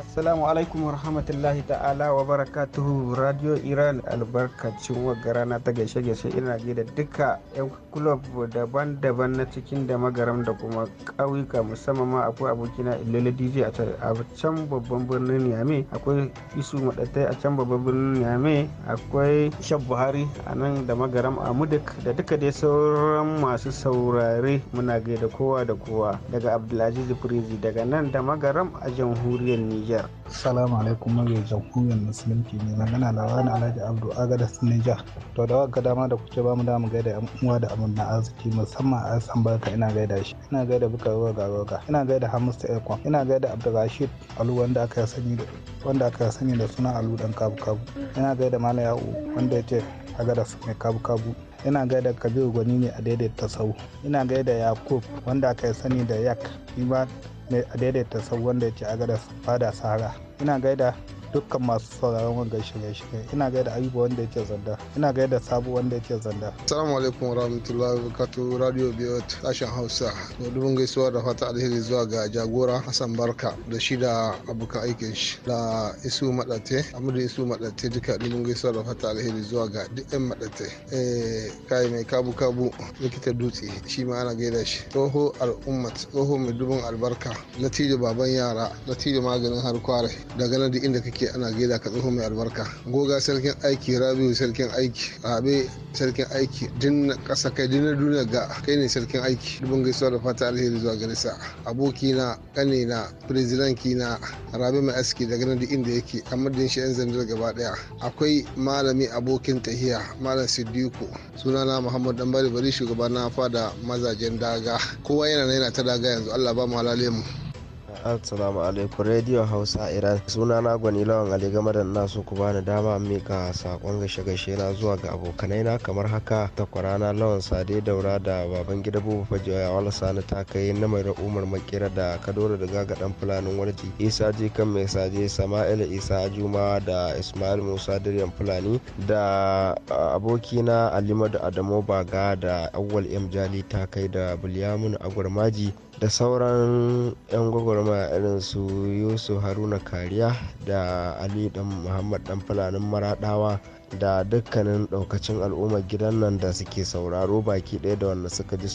Assalamu alaikum warahmatullahi ta'ala wa barakatuhu Radio Iran albarkacin wagara na ta gaishe gaishe ina da duka 'yan kulob daban-daban na cikin da magaram da kuma ƙauyuka musamman ma akwai abokina Ilola DJ a can babban birnin Niamey akwai Isu Madatai a can babban birnin Niamey akwai Shab Buhari a nan da magaram a Muduk da duka dai sauran masu saurare muna gaida kowa da kowa daga Abdulaziz Prezi daga nan da magaram a jamhuriyar ni. Niger. Salamu alaikum mai jamhuriyar musulunci ne magana wani Alhaji Abdu Agada Niger. To da waka dama da kuke bamu damu gaida yan uwa da na arziki musamman a san barka ina gaida shi. Ina gaida buka roga roga. Ina gaida Hamisu Ekwan. Ina gaida rashid Alu wanda aka sani da wanda aka sani da suna Alu dan kabu kabu. Ina gaida Malam Ya'u wanda ya ce Agada mai kabu kabu. ina gaida kabiru gwani ne a daidaita sau ina gaida yakub wanda aka sani da yak daidaita adaidaita sau wanda ya ce a gada fada sahara ina gaida dukkan masu sauraron wanga shirye-shirye ina gaida abubuwa wanda yake zanda ina gaida sabu wanda yake zanda assalamu alaikum wa wabarakatuh radio biot sashen hausa da dubin gaisuwa da fata alheri zuwa ga jagora hassan barka da shi da abokan aikin shi da isu madate amadu isu madate duka dubin gaisuwa da fata alheri zuwa ga duk yan madate eh, kai mai kabu kabu likita dutse shi ma ana gaida shi toho al'umma toho mai dubin albarka natijo baban yara natijo maganin har kware daga nan inda kake aiki ana gaida ka tsoho mai albarka goga sarkin aiki rabi sarkin aiki abe sarkin aiki dinna kasa kai dinna duniya ga kai ne sarkin aiki dubin gaisuwa da fata alheri zuwa gare sa aboki na kane na president ki na rabi mai aski daga nan inda yake amma din shi yan zandar gaba daya akwai malami abokin tahiya malam siddiku sunana muhammad dan bari bari shugaba na fada mazajen daga kowa yana yana ta daga yanzu allah ba mu halale mu Assalamu alaikum Radio Hausa Iran. Suna na gwani lawan Ali game da na so ku bani dama mika sakon gashe gashe na zuwa ga abokanai na kamar haka takwarana lawan Sade Daura da baban gida Bubu Fajoya wala sani ta kai na mai Umar Makira da Kadoro da Gaga dan Fulanin Warji. Isa je kan mai Saje Sama'il Isa Juma da Ismail Musa Diryan Fulani da abokina Alimadu Adamu Baga da Awwal M Jali ta kai da Bulyamun Agwarmaji da sauran 'yan gwagwarma irin su yusuf haruna kariya da ali dan muhammad dan fulanin maradawa da dukkanin daukacin al'ummar gidan nan da suke sauraro baki ɗaya da wanda suka ji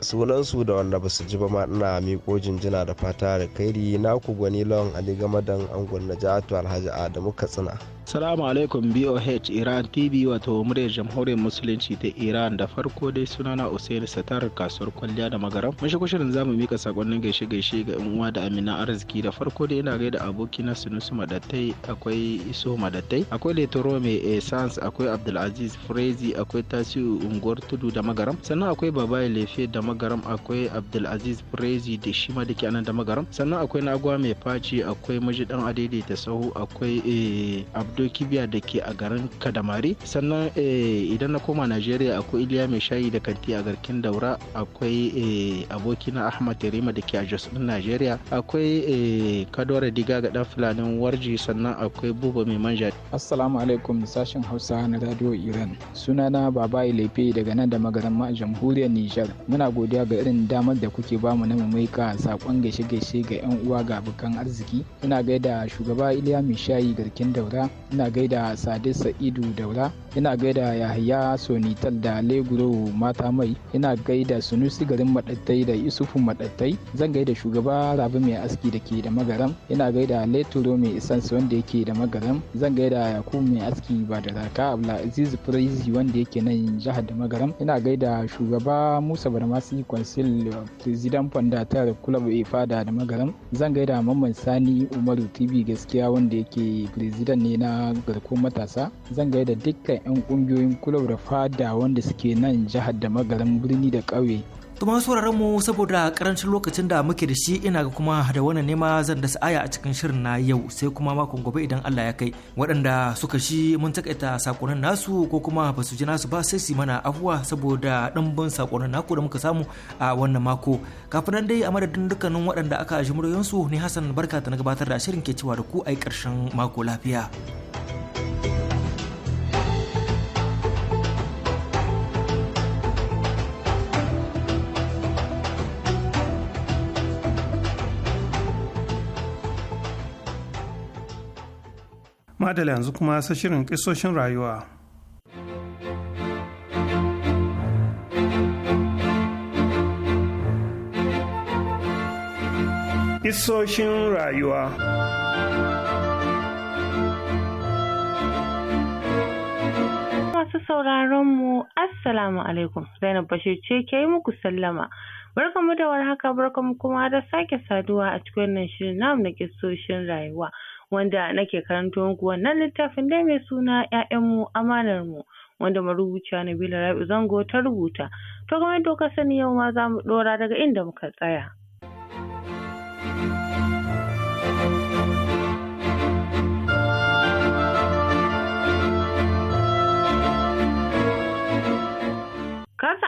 sunansu da wanda basu ji ba ma ina miƙo jinjina da fata da kairi naku gwani lawan ali gamadan angon najatu alhaji adamu katsina Salamu alaikum BOH Iran TV wato muryar jamhuriyar musulunci ta Iran da farko dai sunana Usaini Satar kasuwar kwalliya da magaram. Mun shigo shirin zamu mika sakonnin gaishe gaishe ga yan uwa da amina arziki da farko dai ina gaida aboki na Sunusu Madattai akwai Iso Madattai akwai Letoro mai Essence akwai Abdulaziz Frezi akwai Tasiu Unguwar Tudu da magaram sannan akwai babayi Lefe da magaram akwai Abdulaziz Frezi da shi ma dake anan da magaram sannan akwai Nagwa mai Faci akwai Mujidan Adaidaita Sahu akwai eh, abdoki biya da ke a garin kadamari sannan eh, idan na koma najeriya akwai iliya mai shayi da kanti a garkin daura akwai eh, abokina ahmad yarima da ke a jos din najeriya akwai eh, kadore diga ga dan fulanin warji sannan akwai buba mai manja assalamu alaikum sashen hausa na radio iran sunana baba laife daga nan da magaran ma jamhuriyar nijar muna godiya ga irin damar da kuke bamu na mamaika sakon gaishe-gaishe ga yan uwa ga abokan arziki ina gaida shugaba iliya mai shayi garkin daura ina gaida sade sa'idu daura ina gaida yahaya sonital da leguro mata mai ina gaida sunusi garin madattai da yusufu madattai zan gaida shugaba rabi mai aski da ke da magaram ina gaida leturo mai isansu wanda yake da magaram zan gaida yakubu mai aski ba da raka aziz praise wanda yake nan jihar da magaram ina gaida shugaba musa barmasi consul president fondatar club ifada da magaram zan gaida mamman sani umaru tv gaskiya wanda yake president ne na garkuwar matasa zan gaida dukkan 'yan kungiyoyin kulob da fada wanda suke nan jihar da magaran birni da ƙauye Tuma sauraron mu saboda karancin lokacin da muke da shi ina ga kuma da wannan nema zan da aya a cikin shirin na yau sai kuma makon gobe idan Allah ya kai waɗanda suka shi mun takaita sakonin nasu ko kuma ba su ji nasu ba sai su mana afuwa saboda ɗimbin sakonin naku da muka samu a wannan mako kafin nan dai a madadin dukkanin waɗanda aka ji muryoyinsu ne Hassan barka ta na gabatar da shirin ke cewa da ku ai ƙarshen mako lafiya. Madala yanzu kuma sa shirin kisoshin rayuwa. Kisoshin rayuwa. masu sauraron mu Assalamu alaikum Zainab Bashir ce ke yi muku sallama. Barkamu da warhaka mu kuma da sake saduwa a cikin wannan shirin namu na kissoshin rayuwa wanda nake karanto muku wannan littafin dai mai suna mu amanar mu wanda marubuciya Nabila Rabi'u Zango ta rubuta. To kamar yadda kuka sani yau ma za mu ɗora daga inda muka tsaya.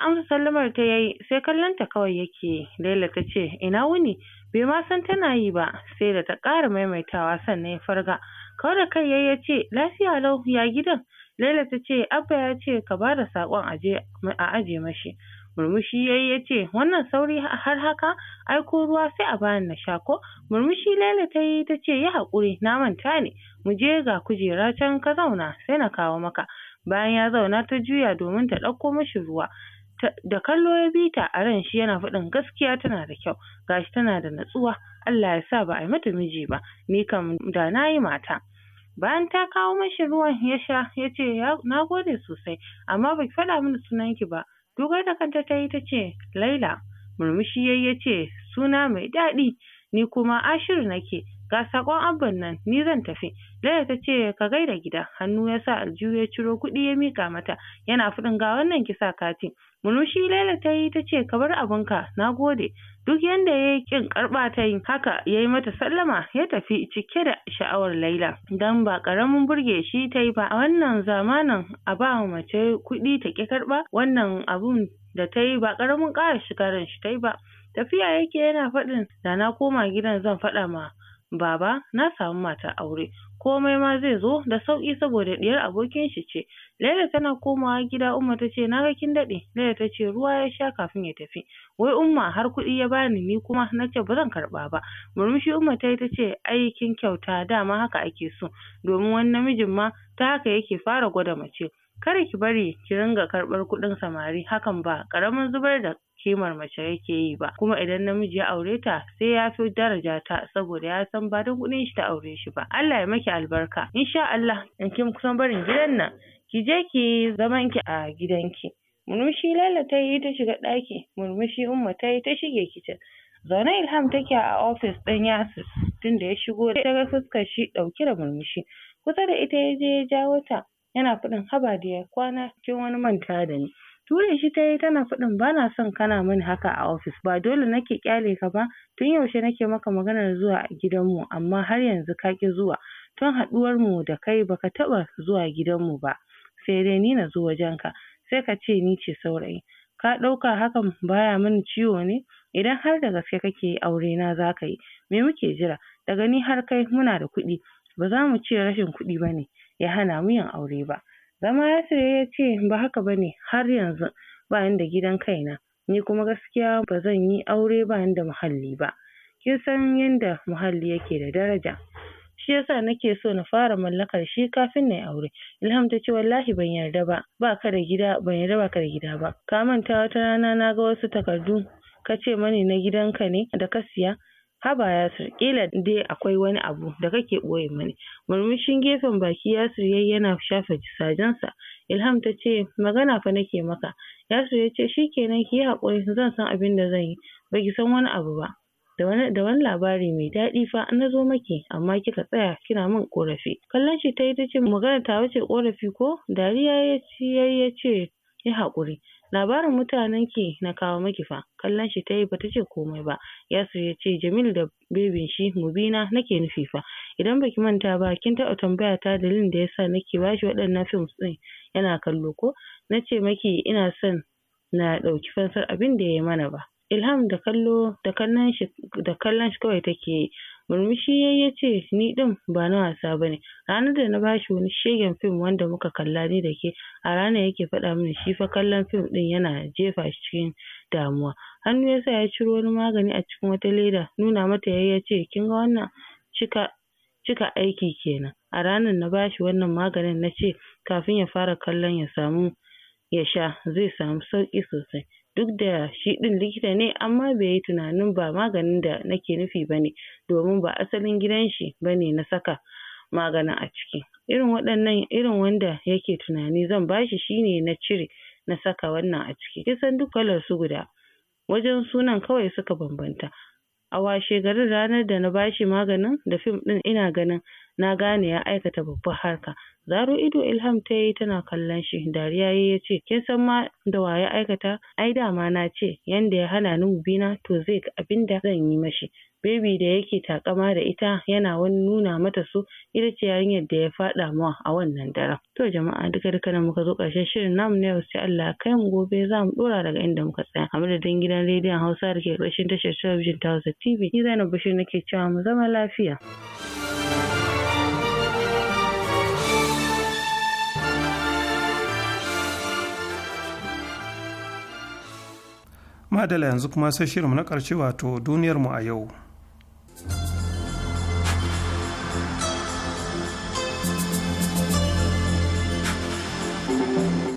amsa sallamar ta yayi sai kallon ta kawai yake yi Laila ta ce ina wuni bai ma san tana yi ba sai da ta ƙara maimaitawa sannan ya farga kawai da kai yayi ya ce lafiya lau ya gidan Laila ta ce Abba ya ce ka ba da saƙon a aje mashi murmushi yayi ya ce wannan sauri har haka aiko ruwa sai a bani na sha ko murmushi Laila ta yi ta ce yi haƙuri na manta ne mu je ga kujera can ka zauna sai na kawo maka bayan ya zauna ta juya domin ta ɗauko mashi ruwa da kallo ya bi ta a ran shi yana faɗin gaskiya tana da kyau gashi tana da natsuwa Allah ya sa ba a yi mata miji ba ni kam da na yi mata bayan ta kawo mashi ruwan ya sha ya ce na gode sosai amma ba ki faɗa mini sunan ki ba dogar da kanta ta yi ta ce laila murmushi yayi ya ce suna mai daɗi ni kuma ashiru nake ga sakon abban nan ni zan tafi Laila ta ce ka gaida gida hannu ya sa aljihu ya ciro kuɗi ya mika mata yana fudin ga wannan kisa katin. murmushi Laila ta yi ta ce ka bar abinka na gode duk yanda ya kin karba ta yi haka ya yi mata sallama ya tafi cike da sha'awar Laila dan ba karamin burge shi ta yi ba a wannan zamanin a ba mace kuɗi ta ki karba wannan abun da ta yi ba karamin ƙara shigaran shi ta yi ba tafiya yake yana faɗin da na koma gidan zan faɗa ma baba na samu mata aure komai ma zai zo da sauki saboda ɗiyar abokin shi ce Laila tana komawa gida Umma ta ce naga kin daɗe Laila ta ce ruwa ya sha kafin ya tafi wai Umma har kuɗi ya bani ni kuma na ce ba zan karɓa ba murmushi Umma ta yi ta ce ai kin kyauta dama haka ake so domin wani namijin ma ta haka yake fara gwada mace kada ki bari ki ringa karɓar kuɗin samari hakan ba ƙaramin zubar da kimar mace yake yi ba kuma idan namiji ya aure ta sai ya fi daraja ta saboda ya san ba don kuɗin shi ta aure shi ba Allah ya maki albarka insha Allah in kin kusan barin gidan nan ki je ki zaman ki a gidanki murmushi Laila ta yi ta shiga ɗaki murmushi Umma ta yi ta shige kicin zaune Ilham take a ofis ɗin Yasir tunda ya shigo ta ga fuskar shi ɗauke da murmushi kusa da ita ya je ya jawo ta yana faɗin haba da kwana kin wani manta da ni ture shi ta yi tana faɗin ba na son kana min haka a ofis ba dole nake kyale ka ba tun yaushe nake maka maganar zuwa gidanmu amma har yanzu ka ki zuwa tun haɗuwar mu da kai baka taɓa zuwa gidanmu ba sai dai ni nazo zo wajenka sai ka ce ni ce saurayi ka ɗauka hakan baya mini ciwo ne idan har da gaske kake yi aure na zaka yi me muke jira daga ni har kai muna da kuɗi ba za mu ce rashin kuɗi bane ya hana mu yin aure ba Zama Yasir ya ce ba haka ba ne, har yanzu ba ni da gidan kaina, ni kuma gaskiya ba zan yi aure ba ni da muhalli ba. Kin san yadda muhalli yake da daraja. Shi yasa nake so na fara mallakar shi kafin na yi aure. Ilham ta ce wallahi ban yarda ba, ba ka da gida, ban yarda ba ka da gida ba. Ka manta wata rana na ga wasu takardu ka ce mani na gidan ka ne da ka siya. haba Yasir kila dai akwai wani abu da kake ɓoye mani murmushin gefen baki Yasir yayi yana shafa sajensa Ilham ta ce magana fa nake maka Yasir ya ce shikenan ki yi haƙuri zan san abin da zan yi baki san wani abu ba da wani da wani labari mai daɗi fa na zo maki amma kika tsaya kina min ƙorafi kallon shi ta yi ta ce magana ta wuce ƙorafi ko dariya ya ce ya yi haƙuri labarin mutanen ki na kawo miki fa kallon shi tayi bata ce komai ba Yasir ya ce Jamil da bebin shi Mubina nake nufi fa idan baki manta ba kin taɓa tambaya ta dalilin da yasa nake bashi waɗannan fim ɗin yana kallo ko na ce maki ina son na ɗauki fansar abinda yi mana ba Ilham da kallo da kallon shi da kallon shi kawai take yi. Murmushi yayi ya ni din ba na wasa ba ne. Ranar da na bashi wani shegen fim wanda muka kalla ni da ke a ranar yake faɗa mini shi fa kallon fim ɗin yana jefa shi cikin damuwa. Hannu yasa ya ciro wani magani a cikin wata leda nuna mata yayi ya ce kin ga wannan cika cika aiki kenan. A ranar na bashi wannan maganin na ce kafin ya fara kallon ya samu ya sha zai samu sauki sosai. duk da shi ɗin likita ne amma bai yi tunanin ba maganin da nake nufi ba ne, domin ba asalin gidan shi ba ne na saka maganin a ciki irin waɗannan irin wanda yake tunani zan bashi ne na cire na saka wannan a ciki Kisan duk kalar su guda wajen sunan kawai suka bambanta a washe garin ranar da na bashi maganin da fim ɗin ina ganin na gane ya aikata babbar harka. Zaro ido Ilham ta yi tana kallon shi, dariya ya ce, Kin san ma da wa ya aikata? Ai dama na ce, yanda ya hana ni bina to zai ga abin da zan yi mashi. Baby da yake takama da ita yana wani nuna mata su ita ce yarinyar da ya faɗa mawa a wannan daren. To jama'a duka duka nan muka zo ƙarshen shirin namu na yau sai Allah kai mu gobe za mu ɗora daga inda muka tsaya. A madadin gidan rediyon Hausa da ke ƙarshen tashar talabijin ta Hausa TV ni Zainab Bashir nake cewa mu zama lafiya. madala yanzu kuma sai shirinmu na ƙarshe wato duniyarmu a yau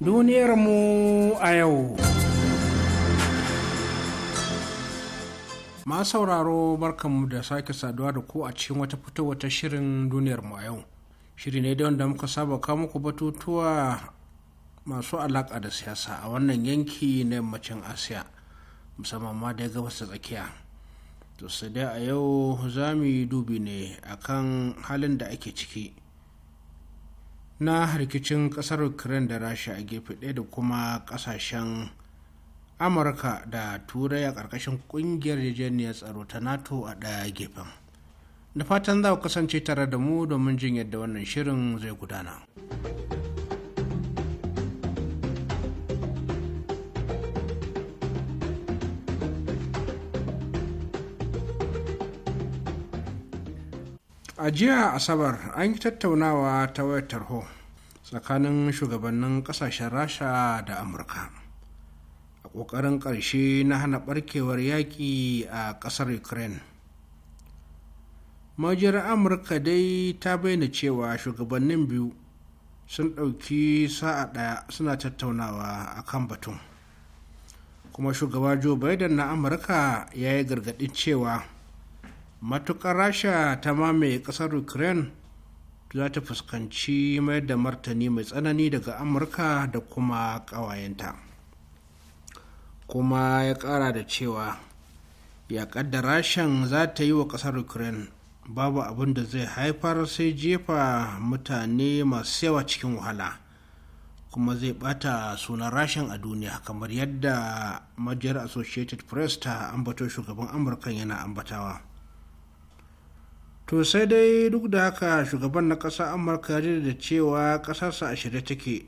duniyarmu a yau ma sauraro barkanmu da sake saduwa da ku a cikin wata fito wata shirin duniyarmu a yau shiri ne da wanda muka saba kawo muku batutuwa masu alaƙa da siyasa a wannan yanki na yammacin asiya musamman ma da gabas ta tsakiya to sai dai a yau za mu yi dubi ne akan halin da ake ciki na harkicin kasar ukraine da rasha a gefe ɗaya da kuma ƙasashen amurka da turai a ƙarƙashin ƙungiyar yarjejeniyar tsaro ta nato a ɗaya gefen da fatan za ku kasance tare da mu domin jin yadda wannan shirin zai gudana. a jiya asabar an yi tattaunawa ta wayar tarho tsakanin shugabannin kasashen rasha da amurka a ƙoƙarin ƙarshe na hana ɓarkewar yaƙi a ƙasar ukraine majiyar amurka dai ta bayyana cewa shugabannin biyu sun ɗauki sa'a ɗaya suna tattaunawa a kan batun kuma shugaba joe biden na amurka ya yi gargaɗin cewa Matuƙar rasha ta mamaye ƙasar ukraine za ta fuskanci mayar da martani mai tsanani daga amurka da kuma ƙawayenta kuma ya ƙara da cewa yaƙar da rashan za ta yi wa ƙasar ukraine babu abin da zai haifar sai jefa mutane masu yawa cikin wahala kuma zai bata sunan rashin a duniya kamar yadda majiyar associated press ta ambato shugaban Amurkan yana ambatawa to sai dai duk da haka shugaban na ƙasar amurka ya da cewa ƙasarsa a shirye take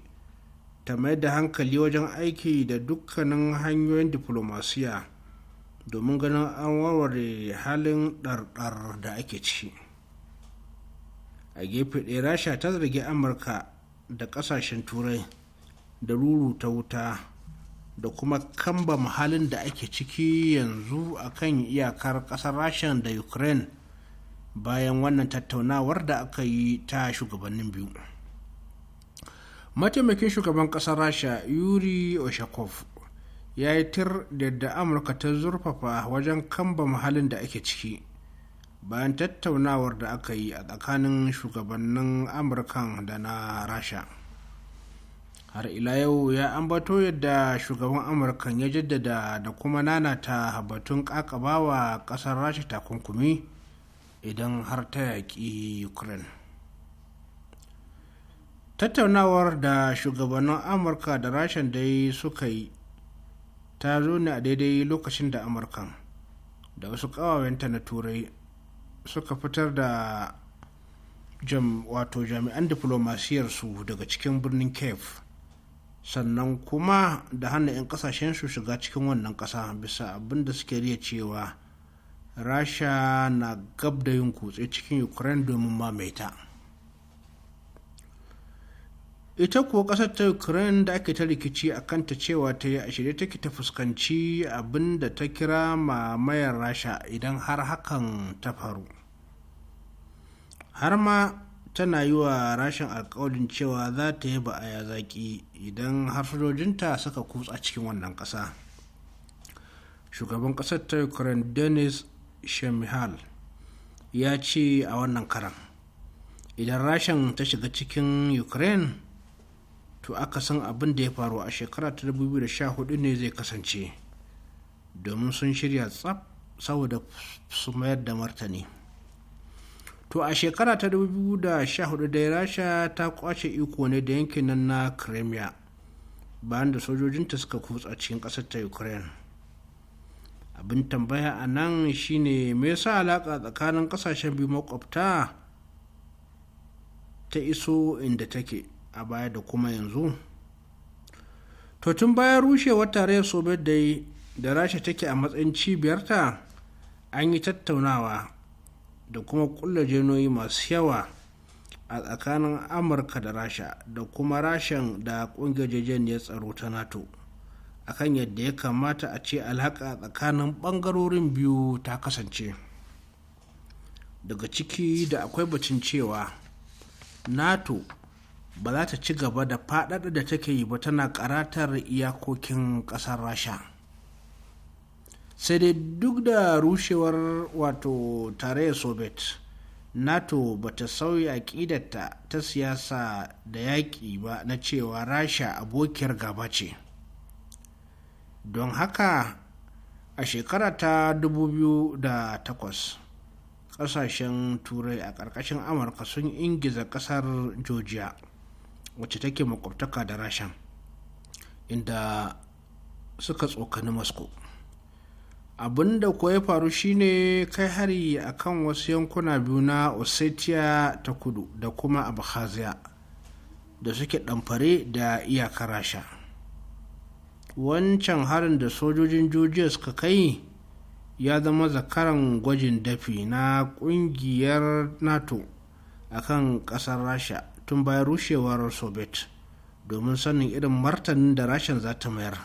ta mai da hankali wajen aiki da dukkanin hanyoyin diflomasiya domin ganin an warware halin ɗarɗar da ake ci a gefe ɗaya rasha ta zargi amurka da ƙasashen turai da ruru ta wuta da kuma kamba halin da ake ciki yanzu a kan iyakar ƙasar rasha da ukraine bayan wannan tattaunawar da aka yi ta shugabannin biyu mataimakin shugaban ƙasar rasha yuri oshakov ya yi tir da yadda amurka ta zurfafa wajen kamba mahalin da ake ciki bayan tattaunawar da aka yi a tsakanin shugabannin amurkan da na rasha har ila yau ya ambato yadda shugaban amurkan ya jaddada da kuma nanata batun kakabawa ƙasar rasha takunkumi idan har ta yaƙi ukraine tattaunawar da shugabannin amurka da rashin dai suka yi ta zo ne a daidai lokacin da amurkan da wasu ƙawayenta na turai suka fitar da wato jami'an su daga cikin birnin kef sannan kuma da hana 'yan kasashen su shiga cikin wannan ƙasa bisa abinda suke riya cewa rasha na gab da yin kutse cikin ukraine domin mamaita ita kuwa ƙasar ta ukraine da ake ta rikici a kanta cewa ta yi a shirye take ta fuskanci abin da ta kira mamayar rasha idan har hakan ta faru har ma tana yi wa rashin alkawalin cewa za ta yi ba'aya a zaki idan har sojojinta suka kutsa cikin wannan ƙasa. shugaban ƙasar ta ukraine denis shemihal ya ce a wannan karan idan rashin ta shiga cikin ukraine to aka san abin da ya faru a shekara ta 2014 ne zai kasance domin sun shirya tsab saboda su mayar da martani to a shekara ta 2014 dai rasha ta kwace iko ne da yankin nan na crimea bayan da sojojinta suka kutsa cikin ƙasar ta ukraine abin tambaya a nan shine me yasa alaƙa tsakanin ƙasashen biyu makwabta ta iso inda take a baya da kuma yanzu to tun bayan rushewar tarayyar soviet dai da rasha take a matsayin cibiyarta an yi tattaunawa da kuma kulla jinoyi masu yawa a tsakanin amurka da rasha da kuma rashen da kungiyar ya tsaro ta nato akan yadda ya kamata a ce alhaka tsakanin ɓangarorin biyu ta kasance daga ciki da akwai bacin cewa nato ba za ta ci gaba da faɗaɗa da take yi ba tana karatar iyakokin ƙasar rasha sai dai duk da rushewar wato tarayyar soviet nato ba ta sauya ƙidatta ta siyasa da yaƙi ba na cewa rasha abokiyar gaba ce don haka a shekara ta 2008 kasashen turai a ƙarƙashin amurka sun ingiza ƙasar georgia wacce take makwabtaka da rasha inda suka tsokani moscow abin da kuwa ya faru shine kai hari a kan wasu yankuna biyu na ossetia ta kudu da kuma abkhazia da suke ɗamfare da iyakar rasha wancan harin da sojojin georgia suka kai ya zama zakaran gwajin dafi na kungiyar nato a kan kasar rasha tun bayan rushewar soviet domin sanin irin martanin da rashin za ta mayar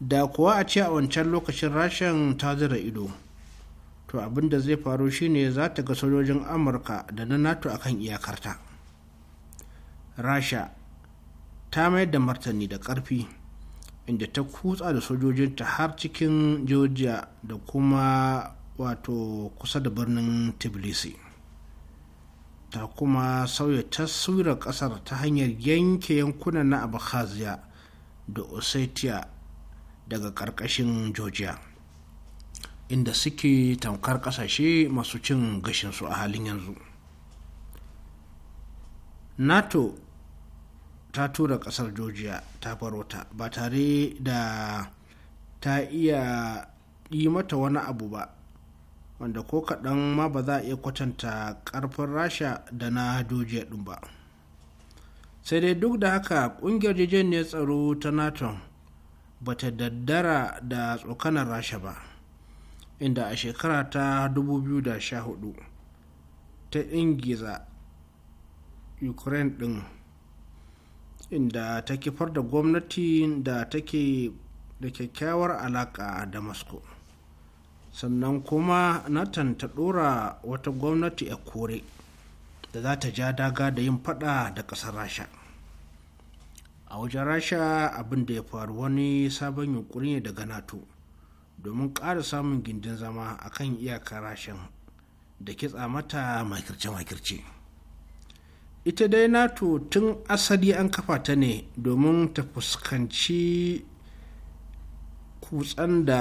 da kuwa a ce a wancan lokacin rashin ta zira ido to abin da zai faru shine za ta ga sojojin amurka da na nato akan iyakarta rasha ta mayar da martani da ƙarfi inda ta kutsa da sojojinta har cikin georgia da kuma wato kusa da birnin tbilisi ta kuma sauya taswirar kasar ta hanyar yanke yankuna na abkhazia da ossetia daga karkashin georgia inda suke tamkar kasashe masu cin gashinsu a halin yanzu nato ta tura kasar georgia ta farota ba tare da ta iya yi mata wani abu ba wanda ko kaɗan ma ba za a iya kwatanta ƙarfin rasha da na georgia ɗin ba sai dai duk da haka ƙungiyar jijiyar tsaro ta nato ba ta daddara da tsokanar rasha ba inda a shekara ta 2014 ta ingiza ukraine ɗin inda ta kifar da gwamnati da take da kyakkyawar alaƙa da moscow sannan kuma natan ta ɗora wata gwamnati a kore da za ta ja daga da yin fada da ƙasar rasha a wajen rasha abin da ya faru wani sabon yunkuri ne daga nato domin ƙara samun gindin zama akan iyakar rashin da kitsa mata makirce-makirce ita dai nato tun asali an kafa ta ne domin ta fuskanci kutsan da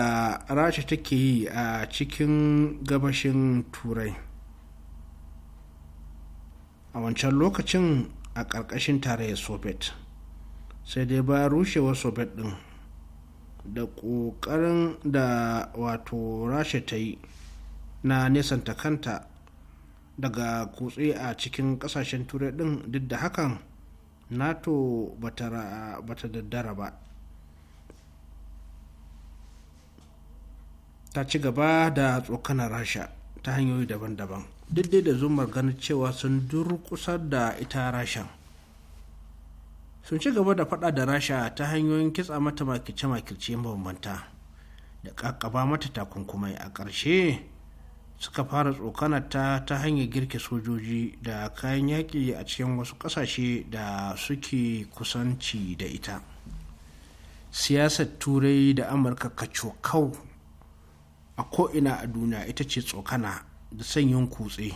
rasha take yi a cikin gabashin turai a wancan lokacin a ƙarƙashin tarayyar soviet sai dai ba rushewar soviet ɗin da ƙoƙarin da wato rasha ta yi na nesanta kanta daga kutse a cikin kasashen turai din duk da hakan nato bata daddara ba ta ci gaba da tsokanar rasha ta hanyoyi daban-daban duk da zumar ganin cewa sun durkusa da ita rasha sun ci gaba da fada da rasha ta hanyoyin kitsa mata makirce-makirce mabambanta da kakaba mata takunkumai a ƙarshe suka fara tsokanata ta hanyar girke sojoji da kayan yaƙi a cikin wasu ƙasashe da suke kusanci da ita siyasar turai da amurka kacokau a ko'ina a duniya ita ce tsokana da sanyin kutse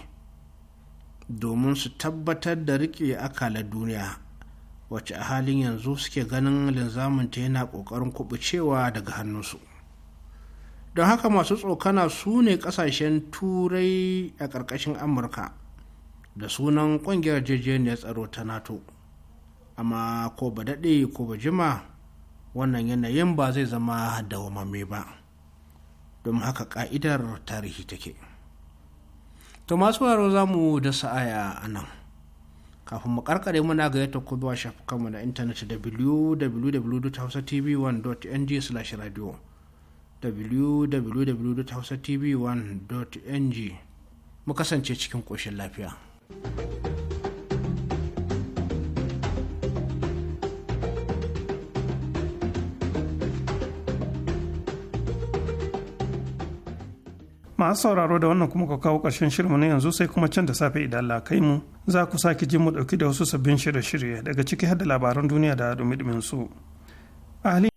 domin su tabbatar da riƙe akalar duniya wacce a halin yanzu suke ganin linzamin ta yana ƙoƙarin kubucewa daga hannunsu don haka masu tsokana su ne kasashen turai a ƙarƙashin amurka da sunan ƙungiyar jejeniyar tsaro ta nato amma ko ba daɗe ko ba jima wannan yanayin ba zai zama dawamame ba don haka ka'idar tarihi take to masu waro za mu da sa'aya a nan kafin mu karkare muna ga yadda kudu a shafukanmu na intanet www.hausatv1.ng/radio www.hausatv1.ng mu kasance cikin ƙoshin lafiya. masu sauraro da wannan kuma ka kawo ƙarshen shirinmu na yanzu sai kuma can da safe idan Allah kai mu za ku sake jin mu ɗauki da wasu sabbin shirye-shirye daga ciki har da labaran duniya da dumi su. A